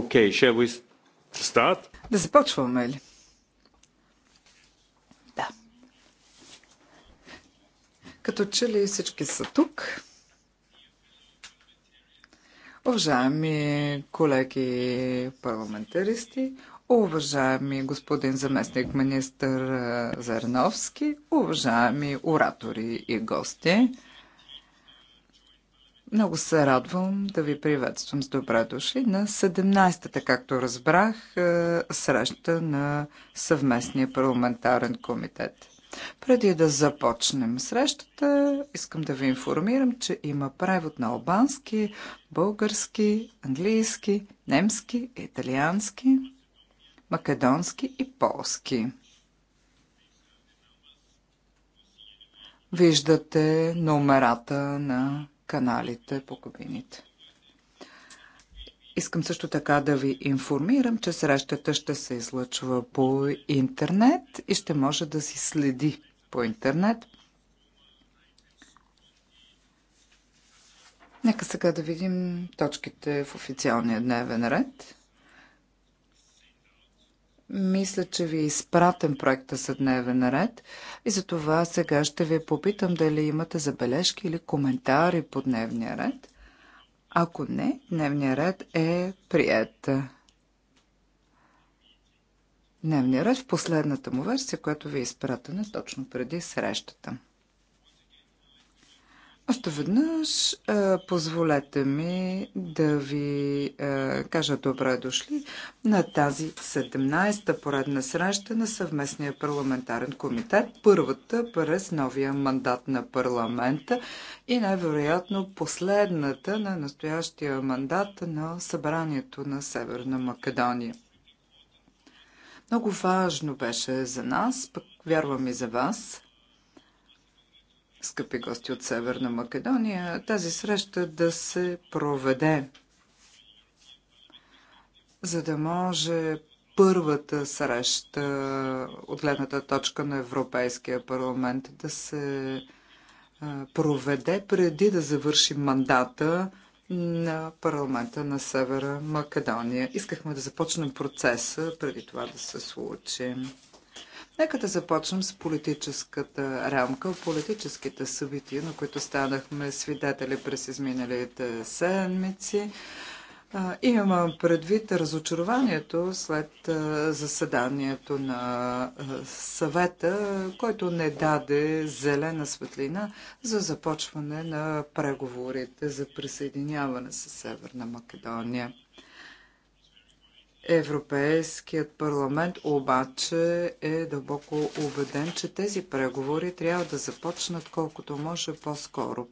Okay, shall we start? Да започваме ли? Да. Като че ли всички са тук? Уважаеми колеги парламентаристи, уважаеми господин заместник министър Зарновски, уважаеми оратори и гости, много се радвам да ви приветствам с добре дошли на 17-та, както разбрах, е, среща на съвместния парламентарен комитет. Преди да започнем срещата, искам да ви информирам, че има превод на албански, български, английски, немски, италиански, македонски и полски. Виждате номерата на каналите по кабините. Искам също така да ви информирам, че срещата ще се излъчва по интернет и ще може да си следи по интернет. Нека сега да видим точките в официалния дневен ред. Мисля, че ви е изпратен проекта за дневен ред и за това сега ще ви попитам дали имате забележки или коментари по дневния ред. Ако не, дневния ред е прият. Дневния ред в последната му версия, която ви е изпратена точно преди срещата. Още веднъж е, позволете ми да ви е, кажа добре дошли на тази 17-та поредна среща на съвместния парламентарен комитет, първата през новия мандат на парламента и най-вероятно последната на настоящия мандат на събранието на Северна Македония. Много важно беше за нас, пък вярвам и за вас – скъпи гости от Северна Македония, тази среща да се проведе, за да може първата среща от гледната точка на Европейския парламент да се проведе преди да завърши мандата на парламента на Севера Македония. Искахме да започнем процеса преди това да се случи. Нека да започнем с политическата рамка, политическите събития, на които станахме свидетели през изминалите седмици. Имам предвид разочарованието след заседанието на съвета, който не даде зелена светлина за започване на преговорите за присъединяване с Северна Македония. Европейският парламент обаче е дълбоко убеден, че тези преговори трябва да започнат колкото може по-скоро.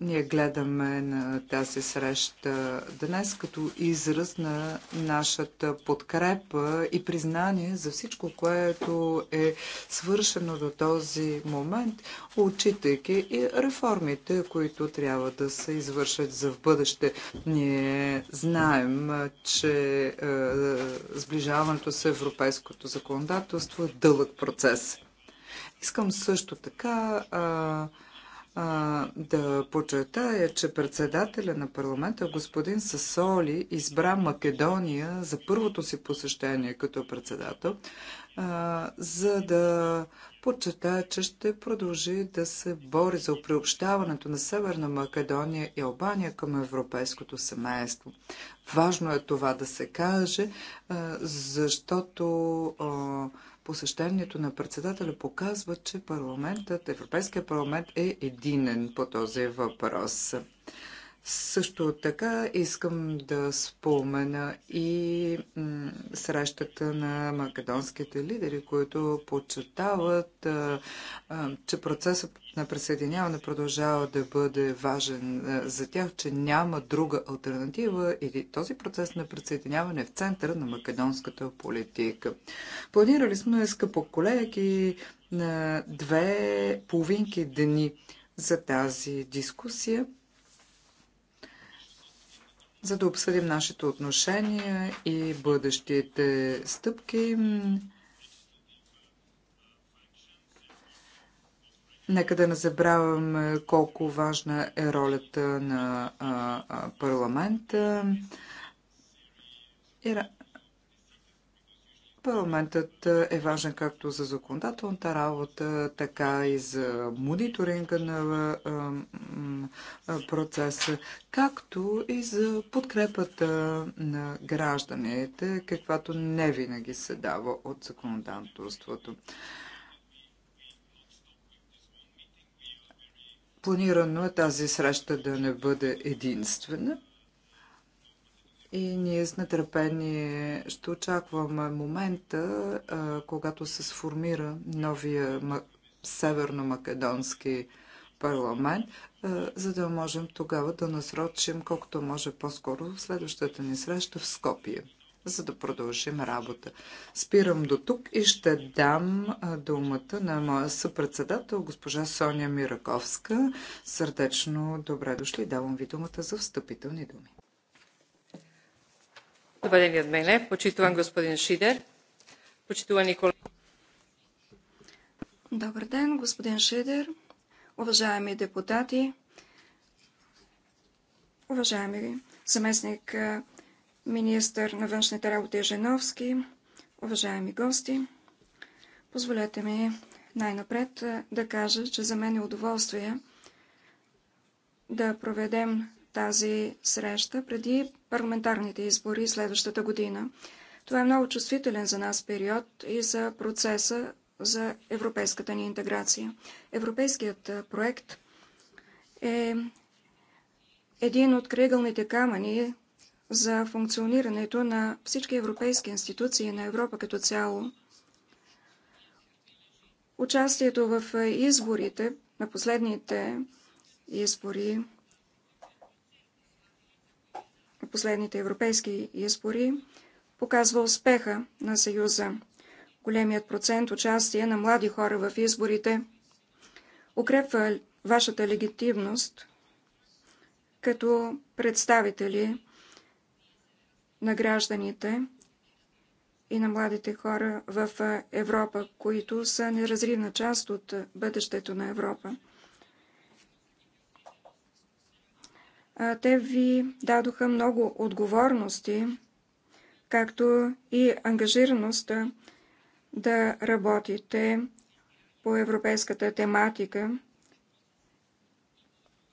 Ние гледаме на тази среща днес като израз на нашата подкрепа и признание за всичко, което е свършено до този момент, отчитайки и реформите, които трябва да се извършат за в бъдеще. Ние знаем, че сближаването с европейското законодателство е дълъг процес. Искам също така. а, а, да подчертая, че председателя на парламента, господин Сасоли, избра Македония за първото си посещение като председател, а, за да подчертая, че ще продължи да се бори за приобщаването на Северна Македония и Албания към европейското семейство. Важно е това да се каже, а, защото Посещението на председателя показва, че парламентът, Европейския парламент е единен по този въпрос. Също така искам да спомена и срещата на македонските лидери, които подчертават, че процесът на присъединяване продължава да бъде важен за тях, че няма друга альтернатива и този процес на присъединяване е в центъра на македонската политика. Планирали сме, скъпо колеги, на две половинки дни за тази дискусия – за да обсъдим нашите отношения и бъдещите стъпки. Нека да не забравяме колко важна е ролята на парламента. Парламентът е важен както за законодателната работа, така и за мониторинга на процеса, както и за подкрепата на гражданите, каквато не винаги се дава от законодателството. Планирано е тази среща да не бъде единствена, и ние с нетърпение ще очакваме момента, а, когато се сформира новия северно-македонски парламент, а, за да можем тогава да насрочим колкото може по-скоро в следващата ни среща в Скопие за да продължим работа. Спирам до тук и ще дам думата на моя съпредседател, госпожа Соня Мираковска. Сърдечно добре дошли. Давам ви думата за встъпителни думи. Добавени от мене, почитуван господин Шидер. Почитувани колеги. Добър ден, господин Шидер, уважаеми депутати, уважаеми заместник министър на външните работи Женовски, уважаеми гости. Позволете ми най-напред да кажа, че за мен е удоволствие да проведем тази среща преди парламентарните избори следващата година. Това е много чувствителен за нас период и за процеса за европейската ни интеграция. Европейският проект е един от кръгълните камъни за функционирането на всички европейски институции на Европа като цяло. Участието в изборите, на последните избори последните европейски избори показва успеха на Съюза. Големият процент участие на млади хора в изборите укрепва вашата легитимност като представители на гражданите и на младите хора в Европа, които са неразривна част от бъдещето на Европа. Те ви дадоха много отговорности, както и ангажираност да работите по европейската тематика,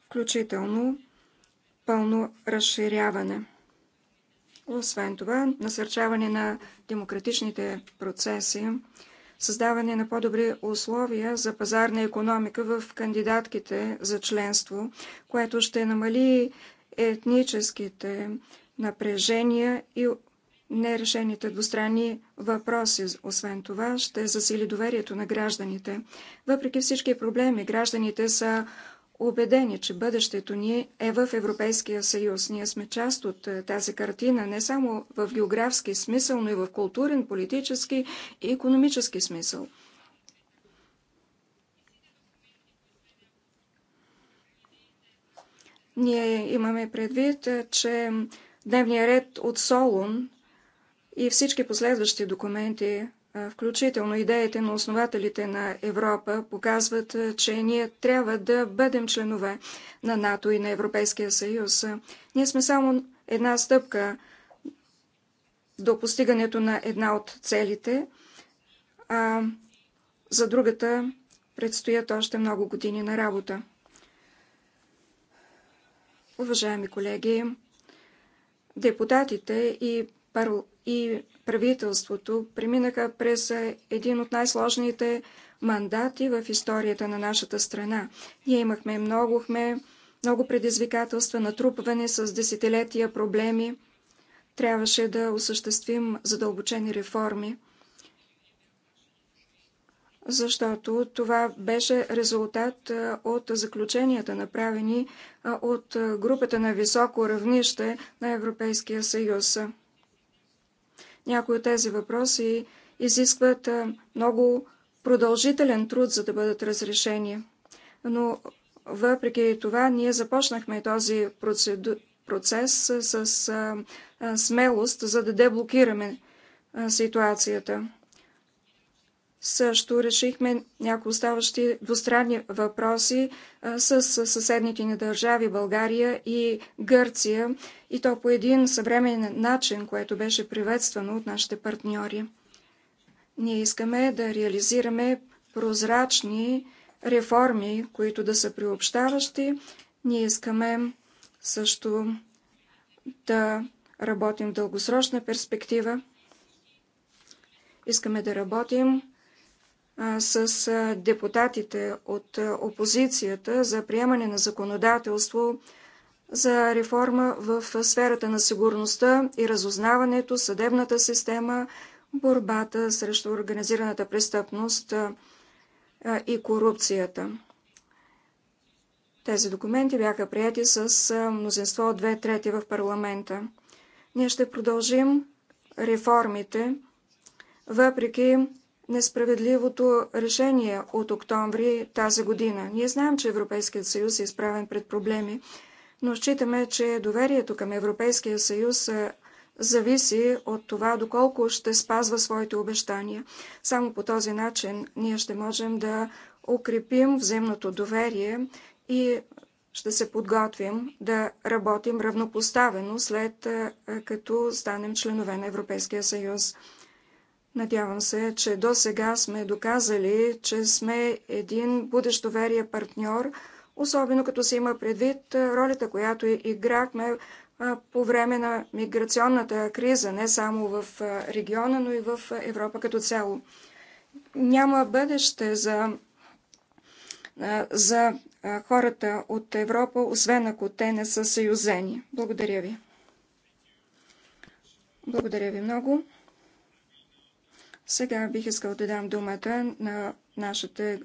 включително пълно разширяване. Освен това, насърчаване на демократичните процеси, създаване на по-добри условия за пазарна економика в кандидатките за членство, което ще намали етническите напрежения и нерешените двустранни въпроси. Освен това, ще засили доверието на гражданите. Въпреки всички проблеми, гражданите са убедени, че бъдещето ни е в Европейския съюз. Ние сме част от е, тази картина не само в географски смисъл, но и в културен, политически и економически смисъл. Ние имаме предвид, е, че дневният ред от Солун и всички последващи документи включително идеите на основателите на Европа, показват, че ние трябва да бъдем членове на НАТО и на Европейския съюз. Ние сме само една стъпка до постигането на една от целите, а за другата предстоят още много години на работа. Уважаеми колеги, депутатите и и правителството преминаха през е, един от най-сложните мандати в историята на нашата страна. Ние имахме много, много предизвикателства, натрупване с десетилетия проблеми. Трябваше да осъществим задълбочени реформи, защото това беше резултат е, от заключенията, направени е, от групата на високо равнище на Европейския съюз. Някои от тези въпроси изискват много продължителен труд, за да бъдат разрешени. Но въпреки това, ние започнахме този процеду... процес с смелост, за да деблокираме ситуацията. Също решихме някои оставащи двустранни въпроси с съседните ни държави България и Гърция и то по един съвременен начин, което беше приветствано от нашите партньори. Ние искаме да реализираме прозрачни реформи, които да са приобщаващи. Ние искаме също да работим в дългосрочна перспектива. Искаме да работим с депутатите от опозицията за приемане на законодателство за реформа в сферата на сигурността и разузнаването, съдебната система, борбата срещу организираната престъпност и корупцията. Тези документи бяха прияти с мнозинство от две трети в парламента. Ние ще продължим реформите, въпреки несправедливото решение от октомври тази година. Ние знаем, че Европейският съюз е изправен пред проблеми, но считаме, че доверието към Европейския съюз зависи от това доколко ще спазва своите обещания. Само по този начин ние ще можем да укрепим взаимното доверие и ще се подготвим да работим равнопоставено след като станем членове на Европейския съюз. Надявам се, че до сега сме доказали, че сме един будещ доверие партньор, особено като се има предвид ролята, която играхме по време на миграционната криза, не само в региона, но и в Европа като цяло. Няма бъдеще за, за хората от Европа, освен ако те не са съюзени. Благодаря ви. Благодаря ви много. Сега бих искал да дам думата на нашите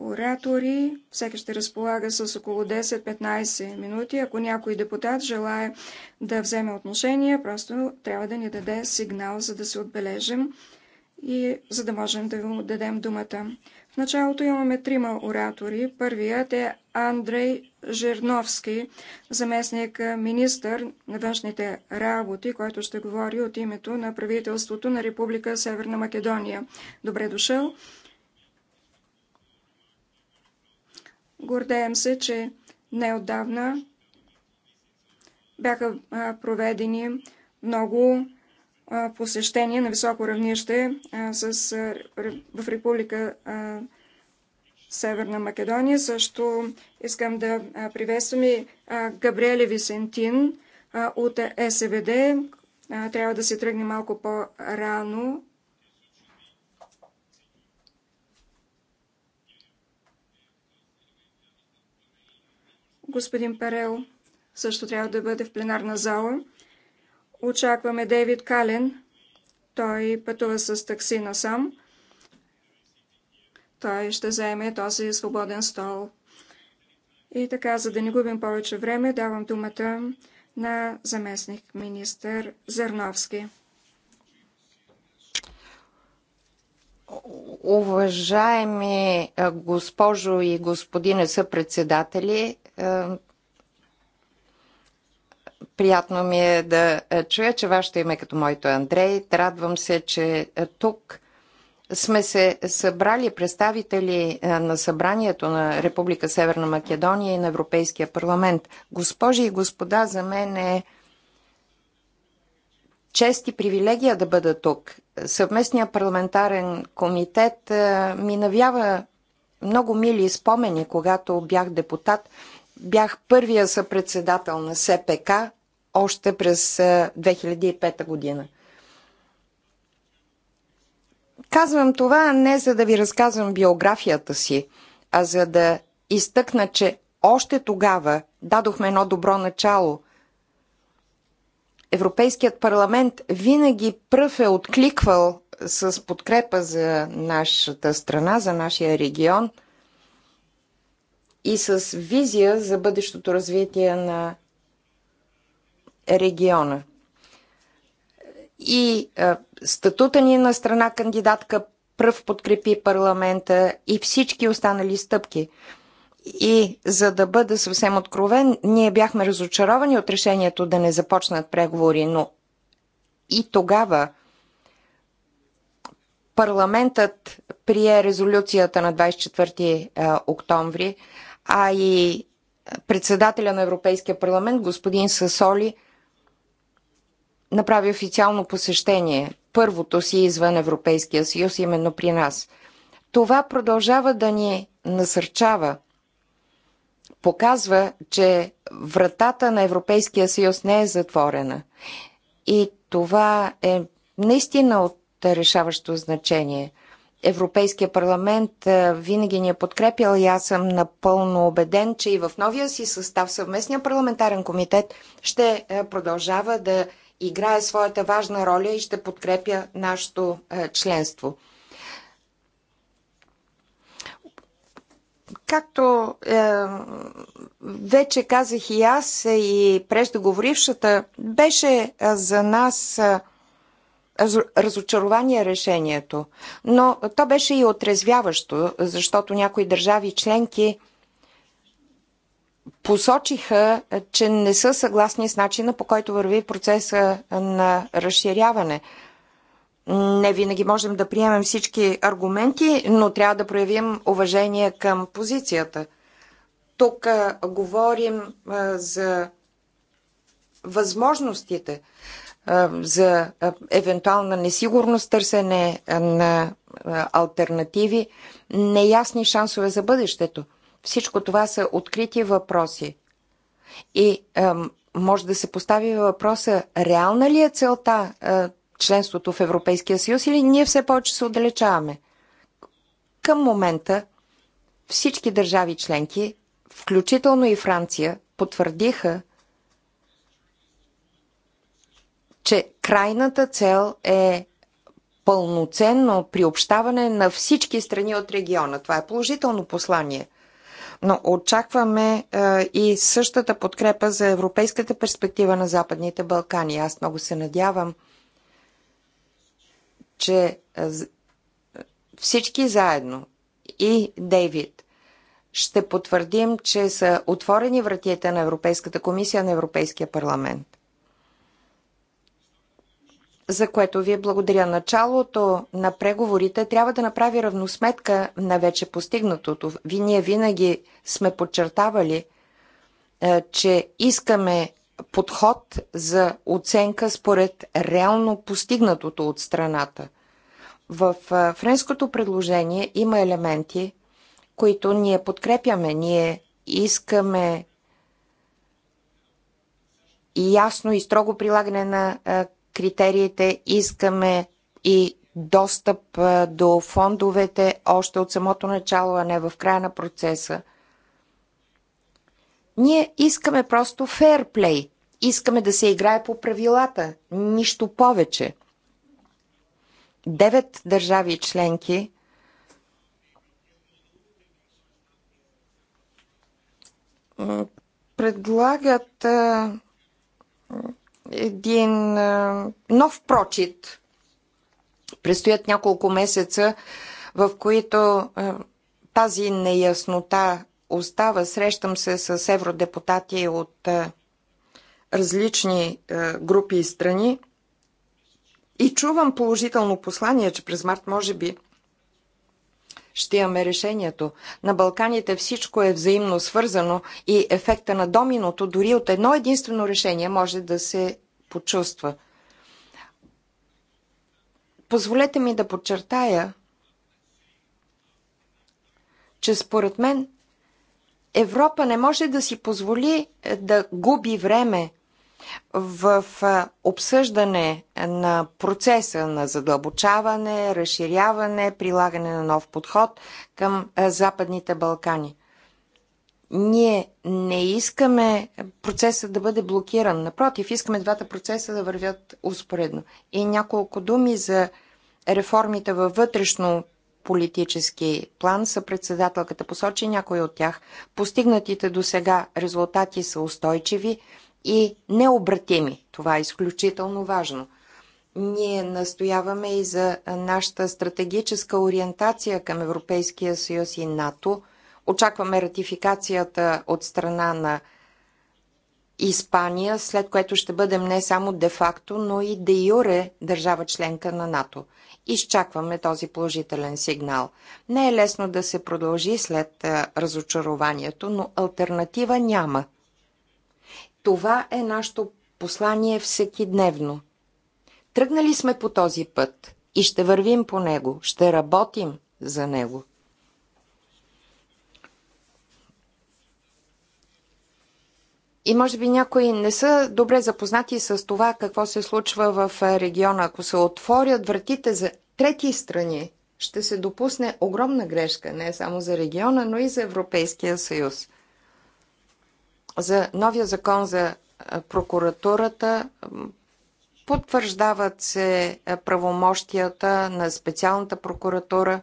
оратори. Всеки ще разполага с около 10-15 минути. Ако някой депутат желая да вземе отношение, просто трябва да ни даде сигнал, за да се отбележим и за да можем да му дадем думата. В началото имаме трима оратори. Първият е Андрей Жерновски, заместник министър на външните работи, който ще говори от името на правителството на Република Северна Македония. Добре дошъл! Гордеем се, че неотдавна бяха проведени много посещение на високо равнище с, в Република Северна Македония. Също искам да приветствам и Габриеле Висентин от СВД. Трябва да се тръгне малко по-рано. Господин Перел също трябва да бъде в пленарна зала. Очакваме Дейвид Кален. Той пътува с такси насам. Той ще заеме този свободен стол. И така, за да не губим повече време, давам думата на заместник министър Зерновски. Уважаеми госпожо и господине съпредседатели, Приятно ми е да е, чуя, че вашето име е като моето е Андрей. Радвам се, че е, тук сме се събрали представители на събранието на Република Северна Македония и на Европейския парламент. Госпожи и господа, за мен е чест и привилегия да бъда тук. Съвместния парламентарен комитет ми навява много мили спомени, когато бях депутат – бях първия съпредседател на СПК още през 2005 година. Казвам това не за да ви разказвам биографията си, а за да изтъкна, че още тогава дадохме едно добро начало. Европейският парламент винаги пръв е откликвал с подкрепа за нашата страна, за нашия регион – и с визия за бъдещото развитие на региона. И а, статута ни на страна кандидатка пръв подкрепи парламента и всички останали стъпки. И за да бъда съвсем откровен, ние бяхме разочаровани от решението да не започнат преговори, но и тогава парламентът прие резолюцията на 24 октомври а и председателя на Европейския парламент, господин Сасоли, направи официално посещение, първото си извън Европейския съюз, именно при нас. Това продължава да ни насърчава. Показва, че вратата на Европейския съюз не е затворена. И това е наистина от решаващо значение. Европейския парламент винаги ни е подкрепял и аз съм напълно убеден, че и в новия си състав съвместния парламентарен комитет ще продължава да играе своята важна роля и ще подкрепя нашето членство. Както е, вече казах и аз и преждоговорившата, беше за нас е, разочарование решението, но то беше и отрезвяващо, защото някои държави членки посочиха, че не са съгласни с начина по който върви процеса на разширяване. Не винаги можем да приемем всички аргументи, но трябва да проявим уважение към позицията. Тук говорим за възможностите за евентуална несигурност, търсене на альтернативи, неясни шансове за бъдещето. Всичко това са открити въпроси. И може да се постави въпроса, реална ли е целта членството в Европейския съюз или ние все повече се отдалечаваме? Към момента всички държави членки, включително и Франция, потвърдиха, че крайната цел е пълноценно приобщаване на всички страни от региона. Това е положително послание. Но очакваме е, и същата подкрепа за европейската перспектива на Западните Балкани. Аз много се надявам, че е, всички заедно и Дейвид ще потвърдим, че са отворени вратите на Европейската комисия на Европейския парламент за което ви е благодаря. Началото на преговорите трябва да направи равносметка на вече постигнатото. Ви ние винаги сме подчертавали, е, че искаме подход за оценка според реално постигнатото от страната. В е, френското предложение има елементи, които ние подкрепяме. Ние искаме ясно и строго прилагане на критериите, искаме и достъп до фондовете още от самото начало, а не в края на процеса. Ние искаме просто фейрплей. Искаме да се играе по правилата. Нищо повече. Девет държави членки предлагат един нов прочит. Престоят няколко месеца, в които тази неяснота остава. Срещам се с евродепутати от различни групи и страни и чувам положително послание, че през март може би ще имаме решението. На Балканите всичко е взаимно свързано и ефекта на доминото дори от едно единствено решение може да се почувства. Позволете ми да подчертая, че според мен Европа не може да си позволи е, да губи време в обсъждане на процеса на задълбочаване, разширяване, прилагане на нов подход към Западните Балкани. Ние не искаме процеса да бъде блокиран. Напротив, искаме двата процеса да вървят успоредно. И няколко думи за реформите във вътрешно политически план са председателката посочи някои от тях. Постигнатите до сега резултати са устойчиви, и необратими. Това е изключително важно. Ние настояваме и за нашата стратегическа ориентация към Европейския съюз и НАТО. Очакваме ратификацията от страна на Испания, след което ще бъдем не само де-факто, но и де-юре държава членка на НАТО. Изчакваме този положителен сигнал. Не е лесно да се продължи след разочарованието, но альтернатива няма – това е нашето послание всеки дневно. Тръгнали сме по този път и ще вървим по него, ще работим за него. И може би някои не са добре запознати с това какво се случва в региона. Ако се отворят вратите за трети страни, ще се допусне огромна грешка не само за региона, но и за Европейския съюз за новия закон за е, прокуратурата потвърждават се е, правомощията на специалната прокуратура.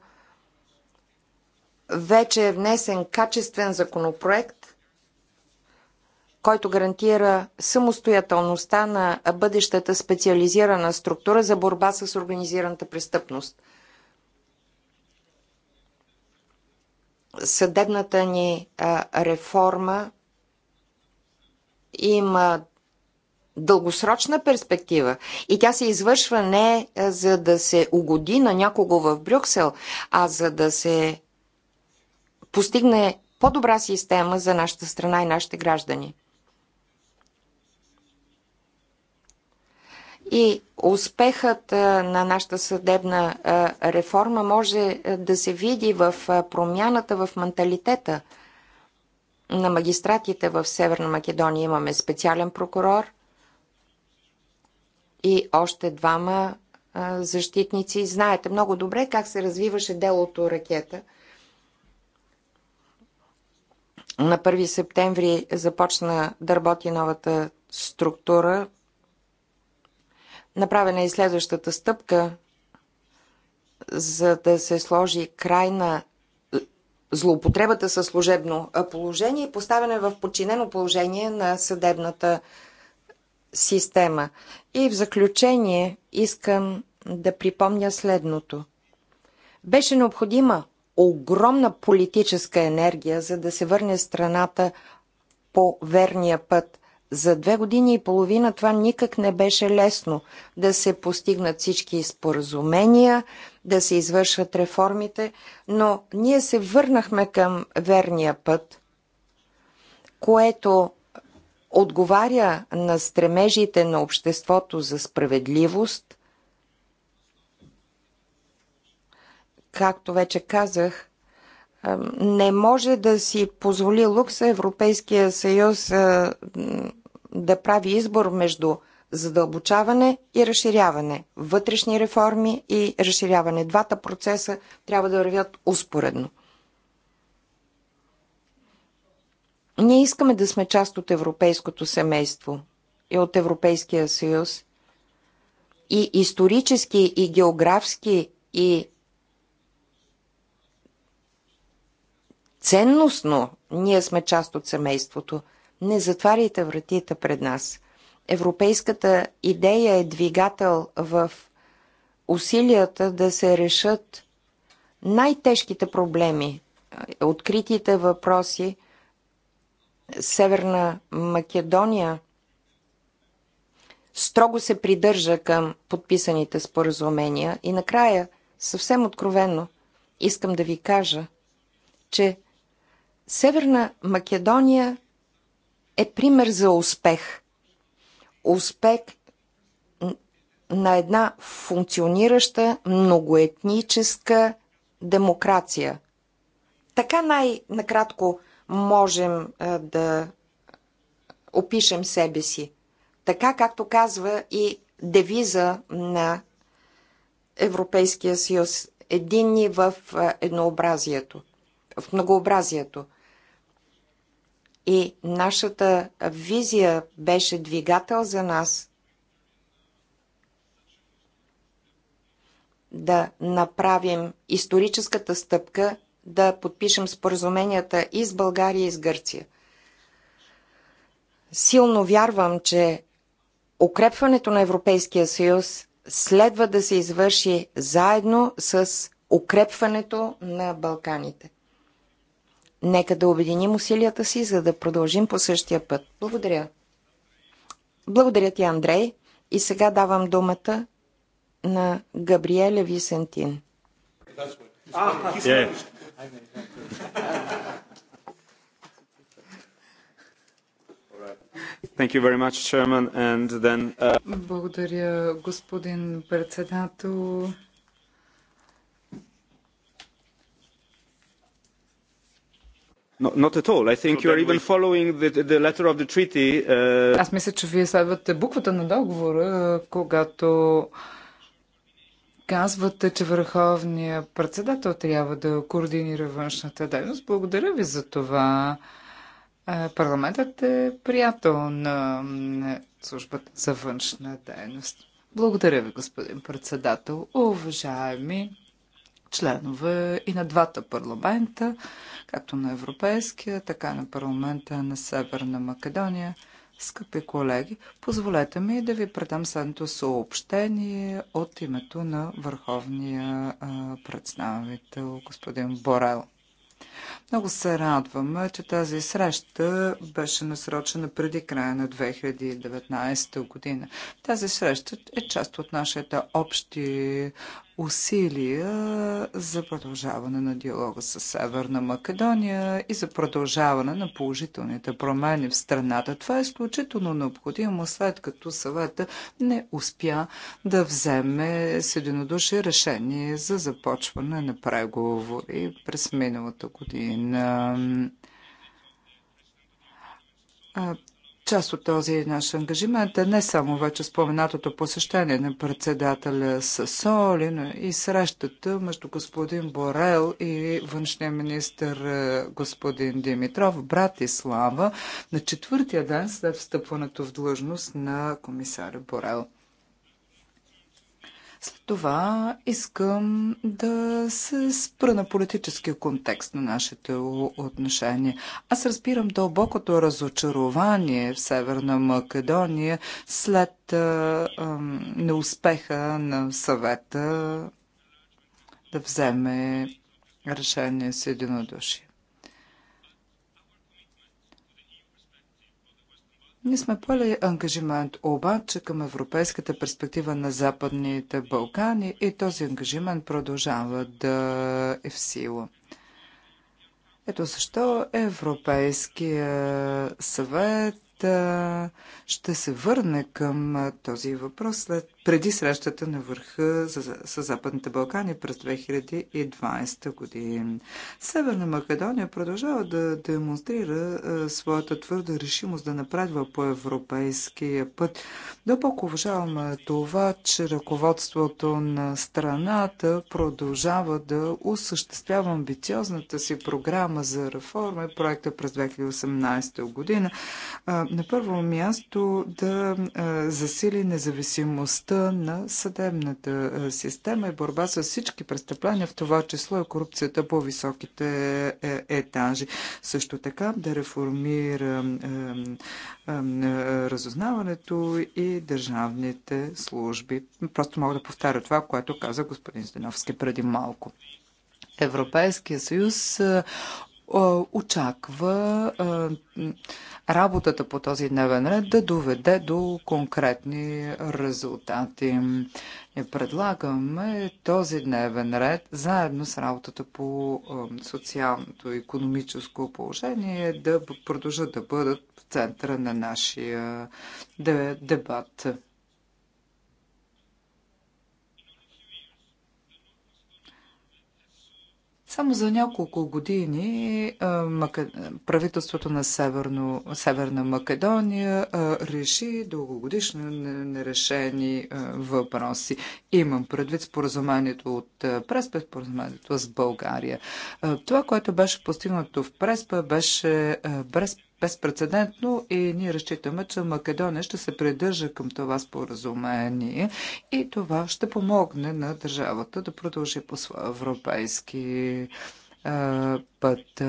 Вече е внесен качествен законопроект, който гарантира самостоятелността на бъдещата специализирана структура за борба с организираната престъпност. Съдебната ни реформа има дългосрочна перспектива и тя се извършва не за да се угоди на някого в Брюксел, а за да се постигне по-добра система за нашата страна и нашите граждани. И успехът на нашата съдебна реформа може да се види в промяната в менталитета – на магистратите в Северна Македония имаме специален прокурор и още двама защитници. Знаете много добре как се развиваше делото ракета. На 1 септември започна да работи новата структура. Направена е следващата стъпка, за да се сложи край на злоупотребата със служебно положение и поставяне в подчинено положение на съдебната система. И в заключение искам да припомня следното. Беше необходима огромна политическа енергия, за да се върне страната по верния път. За две години и половина това никак не беше лесно да се постигнат всички споразумения, да се извършват реформите, но ние се върнахме към верния път, което отговаря на стремежите на обществото за справедливост. Както вече казах, не може да си позволи лукса Европейския съюз да прави избор между задълбочаване и разширяване, вътрешни реформи и разширяване. Двата процеса трябва да вървят успоредно. Ние искаме да сме част от европейското семейство и от Европейския съюз. И исторически, и географски, и ценностно ние сме част от семейството. Не затваряйте вратите пред нас. Европейската идея е двигател в усилията да се решат най-тежките проблеми, откритите въпроси. Северна Македония строго се придържа към подписаните споразумения и накрая, съвсем откровенно, искам да ви кажа, че Северна Македония е пример за успех – успех на една функционираща многоетническа демокрация. Така най-накратко можем да опишем себе си. Така както казва и девиза на Европейския съюз единни в еднообразието, в многообразието. И нашата визия беше двигател за нас да направим историческата стъпка да подпишем споразуменията и с България, и с Гърция. Силно вярвам, че укрепването на Европейския съюз следва да се извърши заедно с укрепването на Балканите. Нека да обединим усилията си, за да продължим по същия път. Благодаря. Благодаря ти, Андрей. И сега давам думата на Габриеля Висентин. Е. Much, chairman, then, uh... Благодаря, господин председател. not at all. I think you are even following the, the letter of the treaty. Uh... Аз мисля, че вие следвате буквата на договора, когато казвате, че върховният председател трябва да координира външната дейност. Благодаря ви за това. Парламентът е приятел на службата за външна дейност. Благодаря ви, господин председател. Уважаеми членове и на двата парламента, както на Европейския, така на парламента на Северна Македония. Скъпи колеги, позволете ми да ви предам следното съобщение от името на върховния представител господин Борел. Много се радваме, че тази среща беше насрочена преди края на 2019 година. Тази среща е част от нашите общи усилия за продължаване на диалога с Северна Македония и за продължаване на положителните промени в страната. Това е изключително необходимо, след като съвета не успя да вземе с единодушие решение за започване на преговори през миналата година част от този наш ангажимент е не само вече споменатото посещение на председателя Соли, но и срещата между господин Борел и външния министр е, господин Димитров и слава, на четвъртия ден след встъпването в длъжност на комисаря Борел. След това искам да се спра на политическия контекст на нашите отношения. Аз разбирам дълбокото разочарование в Северна Македония след а, а, неуспеха на съвета да вземе решение с единодушие. Ние сме поели ангажимент обаче към европейската перспектива на Западните Балкани и този ангажимент продължава да е в сила. Ето защо Европейския съвет ще се върне към този въпрос след преди срещата на върха с Западните Балкани през 2020 година. Северна Македония продължава да демонстрира е, своята твърда решимост да напредва по европейския път. Дълбоко уважаваме това, че ръководството на страната продължава да осъществява амбициозната си програма за реформа и проекта през 2018 година. Е, на първо място да е, засили независимостта на съдебната е, система и борба с всички престъпления, в това число и корупцията по високите е, етажи. Също така да реформира е, разузнаването и държавните служби. Просто мога да повтаря това, което каза господин Зденовски преди малко. Европейския съюз е, очаква е, работата по този дневен ред да доведе до конкретни резултати. Не предлагаме този дневен ред, заедно с работата по е, социалното и економическо положение, да продължат да бъдат в центъра на нашия дебат. Само за няколко години правителството на Северно, Северна Македония реши дългогодишно нерешени въпроси. Имам предвид споразумението от Преспа, споразумението с България. Това, което беше постигнато в Преспа, беше без безпредседентно и ние разчитаме, че Македония ще се придържа към това споразумение и това ще помогне на държавата да продължи по своя европейски път.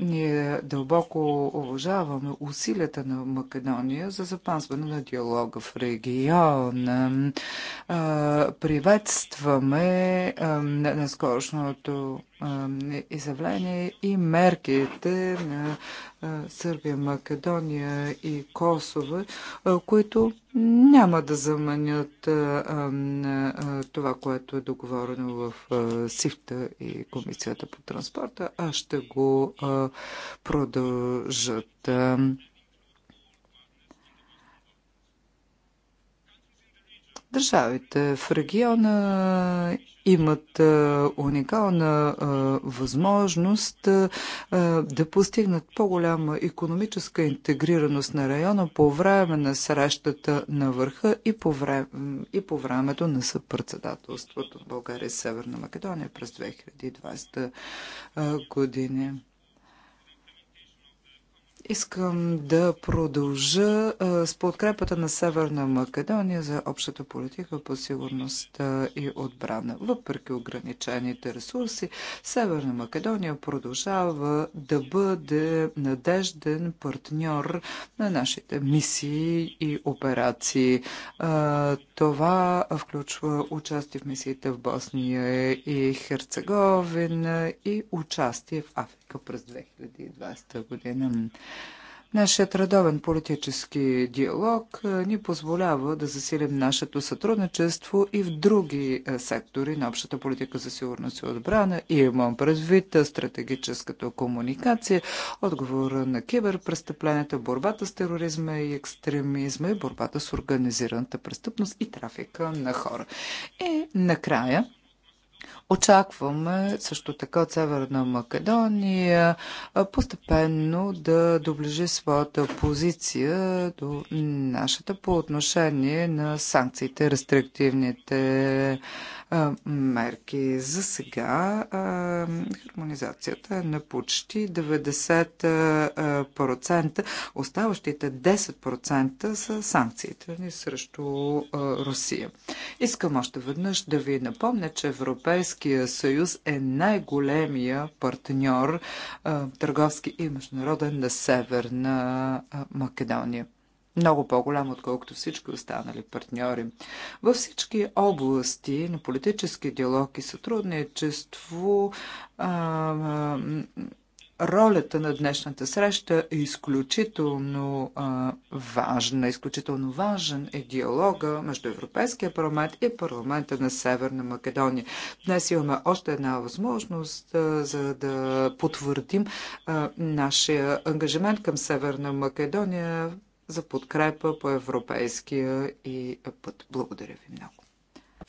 Ние дълбоко уважаваме усилията на Македония за запазване на диалога в региона. Приветстваме наскорошното изявления и мерките на Сърбия, Македония и Косово, които няма да заменят това, което е договорено в СИФТА и Комисията по транспорта, а ще го продължат. Държавите в региона имат уникална възможност да постигнат по-голяма економическа интегрираност на района по време на срещата на върха и по, и по времето на съпредседателството България и Северна Македония през 2020 година. Искам да продължа а, с подкрепата на Северна Македония за общата политика по сигурността и отбрана. Въпреки ограничените ресурси, Северна Македония продължава да бъде надежден партньор на нашите мисии и операции. А, това включва участие в мисиите в Босния и Херцеговина и участие в Африка през 2020 година. Нашият редовен политически диалог ни позволява да засилим нашето сътрудничество и в други сектори на общата политика за сигурност и отбрана. И имам предвид стратегическата комуникация, отговора на киберпрестъпленията, борбата с тероризма и екстремизма и борбата с организираната престъпност и трафика на хора. И накрая Очакваме също така от Северна Македония постепенно да доближи своята позиция до нашата по отношение на санкциите, рестриктивните мерки. За сега хармонизацията е на почти 90%. Оставащите 10% са санкциите ни срещу Русия. Искам още веднъж да ви напомня, че Европейския съюз е най-големия партньор търговски и международен на Северна Македония много по-голям, отколкото всички останали партньори. Във всички области на политически диалог и сътрудничество а, ролята на днешната среща е изключително а, важна. Изключително важен е диалога между Европейския парламент и парламента на Северна Македония. Днес имаме още една възможност а, за да потвърдим а, нашия ангажимент към Северна Македония за подкрепа по европейския и път. Благодаря ви много.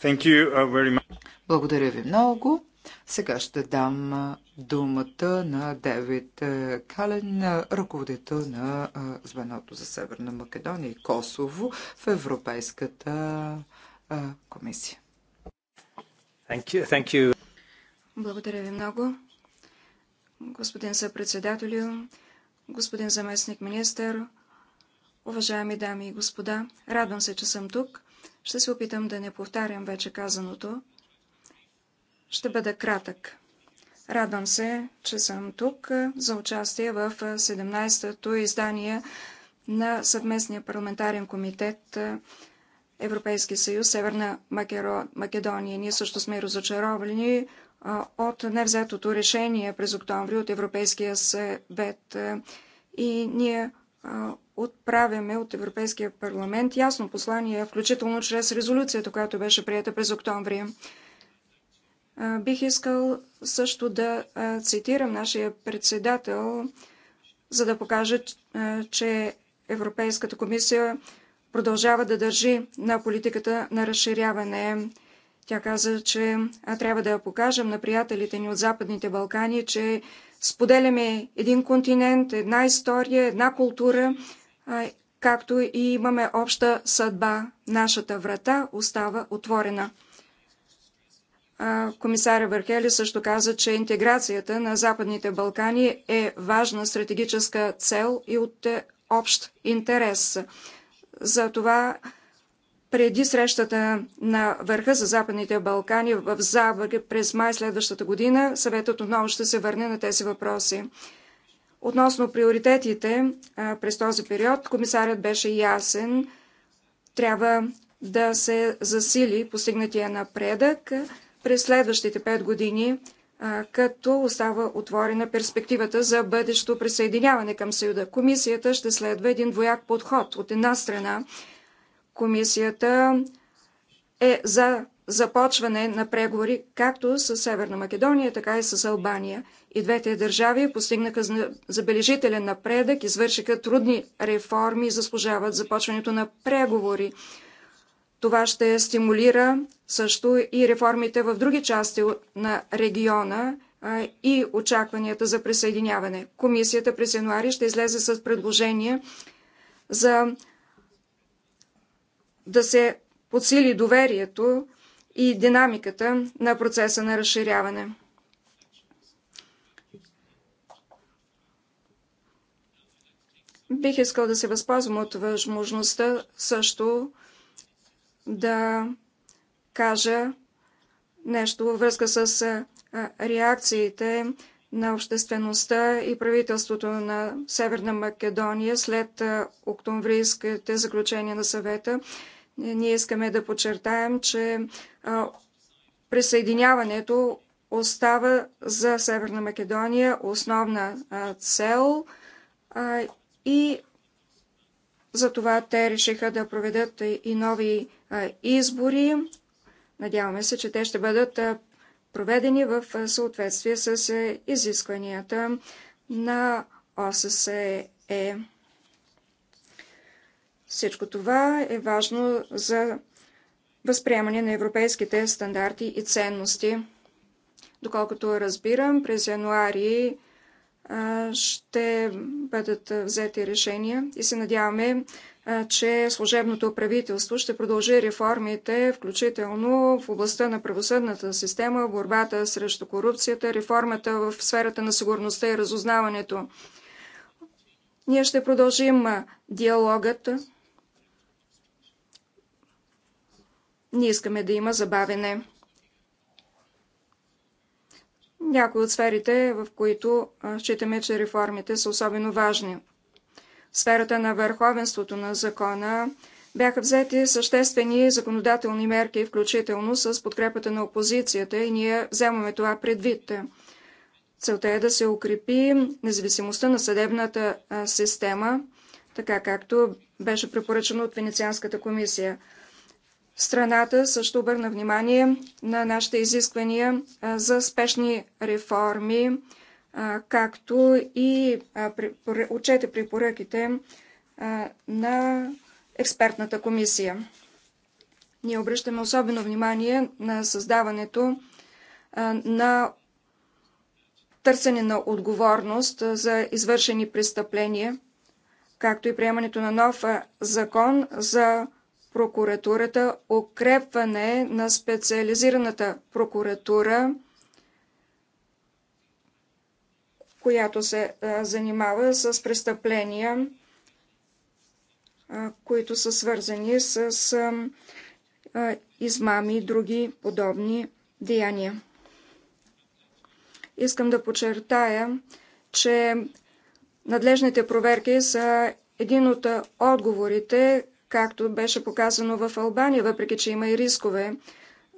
Thank you uh, very much. Благодаря ви много. Сега ще дам думата на Девид Кален, ръководител на звеното за Северна Македония и Косово в Европейската комисия. Thank you. Thank you. Благодаря ви много. Господин съпредседателю, господин заместник министър, Уважаеми дами и господа, радвам се, че съм тук. Ще се опитам да не повтарям вече казаното. Ще бъда кратък. Радвам се, че съм тук за участие в 17-то издание на съвместния парламентарен комитет Европейски съюз, Северна Македония. Ние също сме разочаровани от невзетото решение през октомври от Европейския съвет и ние отправяме от Европейския парламент ясно послание, включително чрез резолюцията, която беше прията през октомври. Бих искал също да цитирам нашия председател, за да покажа, че Европейската комисия продължава да държи на политиката на разширяване. Тя каза, че трябва да покажем на приятелите ни от Западните Балкани, че споделяме един континент, една история, една култура, както и имаме обща съдба. Нашата врата остава отворена. Комисаря Върхели също каза, че интеграцията на Западните Балкани е важна стратегическа цел и от е, общ интерес. Затова преди срещата на върха за Западните Балкани в Забърг през май следващата година, съветът отново ще се върне на тези въпроси. Относно приоритетите през този период, комисарят беше ясен. Трябва да се засили постигнатия напредък през следващите пет години, като остава отворена перспективата за бъдещо присъединяване към Съюда. Комисията ще следва един двояк подход. От една страна, комисията е за започване на преговори както с Северна Македония, така и с Албания. И двете държави постигнаха забележителен напредък, извършиха трудни реформи и заслужават започването на преговори. Това ще стимулира също и реформите в други части на региона и очакванията за присъединяване. Комисията през януари ще излезе с предложение за да се подсили доверието и динамиката на процеса на разширяване. Бих искал да се възползвам от възможността също да кажа нещо във връзка с реакциите на обществеността и правителството на Северна Македония след октомврийските заключения на съвета. Ние искаме да подчертаем, че присъединяването остава за Северна Македония основна цел и затова те решиха да проведат и нови избори. Надяваме се, че те ще бъдат проведени в съответствие с изискванията на ОССЕ. Всичко това е важно за възприемане на европейските стандарти и ценности. Доколкото разбирам, през януари ще бъдат взети решения и се надяваме, че служебното правителство ще продължи реформите, включително в областта на правосъдната система, борбата срещу корупцията, реформата в сферата на сигурността и разузнаването. Ние ще продължим диалогът Не искаме да има забавене. Някои от сферите, в които считаме, че реформите са особено важни. В сферата на върховенството на закона бяха взети съществени законодателни мерки, включително с подкрепата на опозицията и ние вземаме това предвид. Целта е да се укрепи независимостта на съдебната система, така както беше препоръчено от Венецианската комисия. Страната също обърна внимание на нашите изисквания за спешни реформи, както и отчете препоръките на експертната комисия. Ние обръщаме особено внимание на създаването на търсене на отговорност за извършени престъпления, както и приемането на нов закон за прокуратурата, укрепване на специализираната прокуратура, която се занимава с престъпления, които са свързани с измами и други подобни деяния. Искам да подчертая, че надлежните проверки са един от отговорите както беше показано в Албания, въпреки че има и рискове,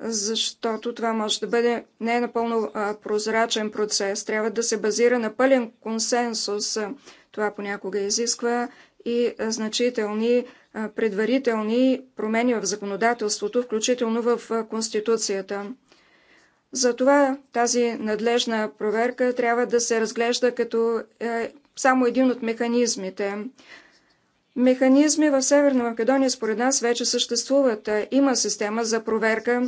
защото това може да бъде не напълно прозрачен процес. Трябва да се базира на пълен консенсус. Това понякога изисква и значителни предварителни промени в законодателството, включително в Конституцията. Затова тази надлежна проверка трябва да се разглежда като е, само един от механизмите. Механизми в Северна Македония според нас вече съществуват. Е, има система за проверка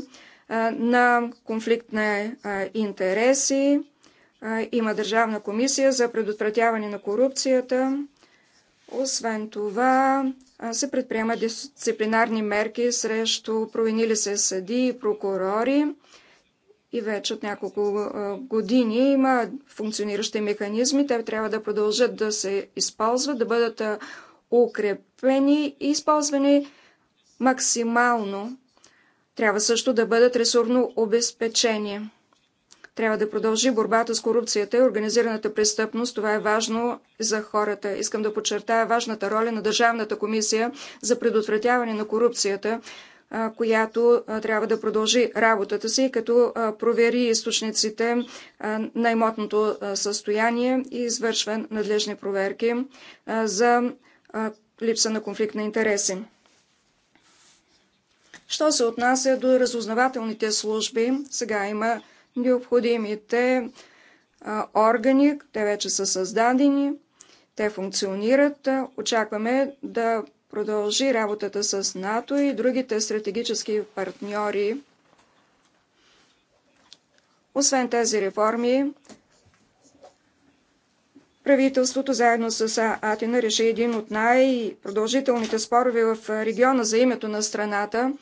е, на конфликт на е, интереси, има Държавна комисия за предотвратяване на корупцията. Освен това, се предприемат дисциплинарни мерки срещу провинили се съди и прокурори. И вече от няколко години има функциониращи механизми. Те трябва да продължат да се използват, да бъдат укрепени и използвани максимално. Трябва също да бъдат ресурно обезпечени. Трябва да продължи борбата с корупцията и организираната престъпност. Това е важно за хората. Искам да подчертая важната роля на Държавната комисия за предотвратяване на корупцията, която трябва да продължи работата си, като провери източниците на имотното състояние и извършва надлежни проверки за липса на конфликт на интереси. Що се отнася до разузнавателните служби, сега има необходимите а, органи, те вече са създадени, те функционират. Очакваме да продължи работата с НАТО и другите стратегически партньори. Освен тези реформи, Правителството заедно с Атина реши един от най-продължителните спорове в региона за името на страната,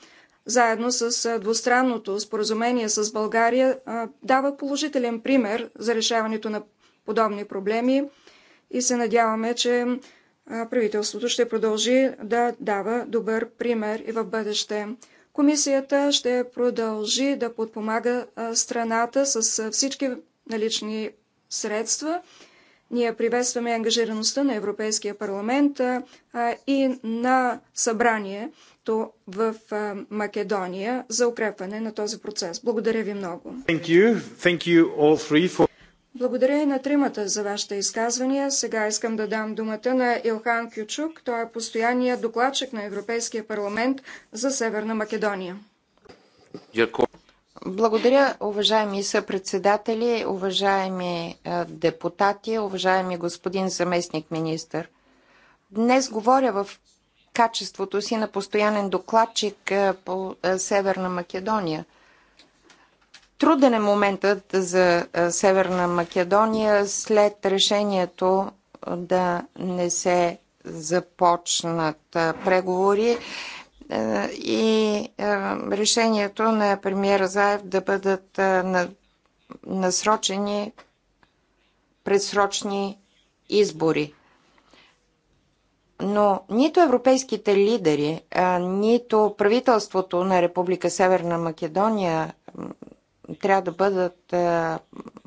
заедно с двустранното споразумение с България, дава положителен пример за решаването на подобни проблеми и се надяваме, че правителството ще продължи да дава добър пример и в бъдеще. Комисията ще продължи да подпомага страната с всички налични средства ние приветстваме ангажираността на Европейския парламент а, и на събранието в а, Македония за укрепване на този процес. Благодаря ви много. Thank you. Thank you for... Благодаря и на тримата за вашите изказвания. Сега искам да дам думата на Илхан Кючук. Той е постоянния докладчик на Европейския парламент за Северна Македония. Благодаря, уважаеми съпредседатели, уважаеми депутати, уважаеми господин заместник министър. Днес говоря в качеството си на постоянен докладчик по Северна Македония. Труден е моментът за Северна Македония след решението да не се започнат преговори е, и е, решението на премиера Заев да бъдат е, насрочени предсрочни избори. Но нито европейските лидери, нито правителството на Република Северна Македония трябва да бъдат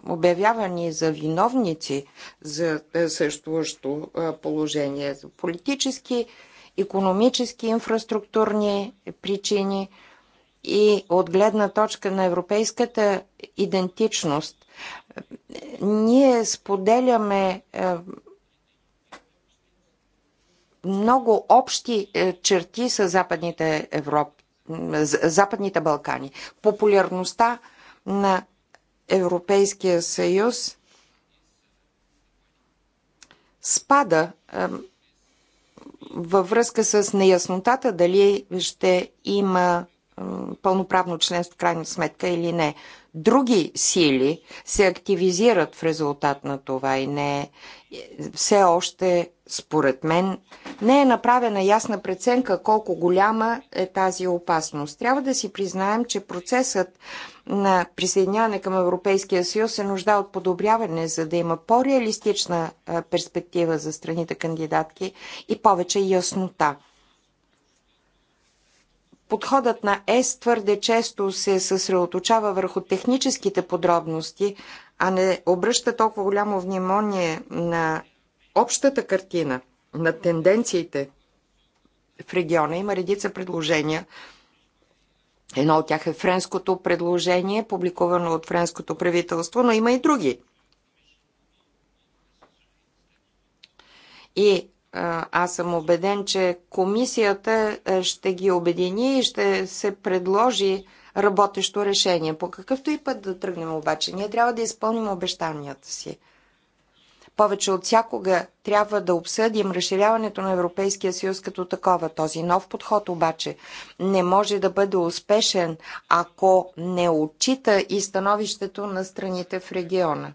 обявявани за виновници за съществуващо положение. Политически економически, инфраструктурни причини и от гледна точка на европейската идентичност. Ние споделяме е, много общи е, черти с Западните, Европ... Западните Балкани. Популярността на Европейския съюз спада във връзка с неяснотата дали ще има пълноправно членство в крайна сметка или не други сили се активизират в резултат на това и не е все още, според мен, не е направена ясна преценка колко голяма е тази опасност. Трябва да си признаем, че процесът на присъединяване към Европейския съюз се нужда от подобряване, за да има по-реалистична перспектива за страните кандидатки и повече яснота. Подходът на ЕС твърде често се съсредоточава върху техническите подробности, а не обръща толкова голямо внимание на общата картина, на тенденциите в региона. Има редица предложения. Едно от тях е френското предложение, публикувано от френското правителство, но има и други. И аз съм убеден, че комисията е, ще ги обедини и ще се предложи работещо решение. По какъвто и път да тръгнем обаче, ние трябва да изпълним обещанията си. Повече от всякога трябва да обсъдим разширяването на Европейския съюз като такова. Този нов подход обаче не може да бъде успешен, ако не отчита и становището на страните в региона.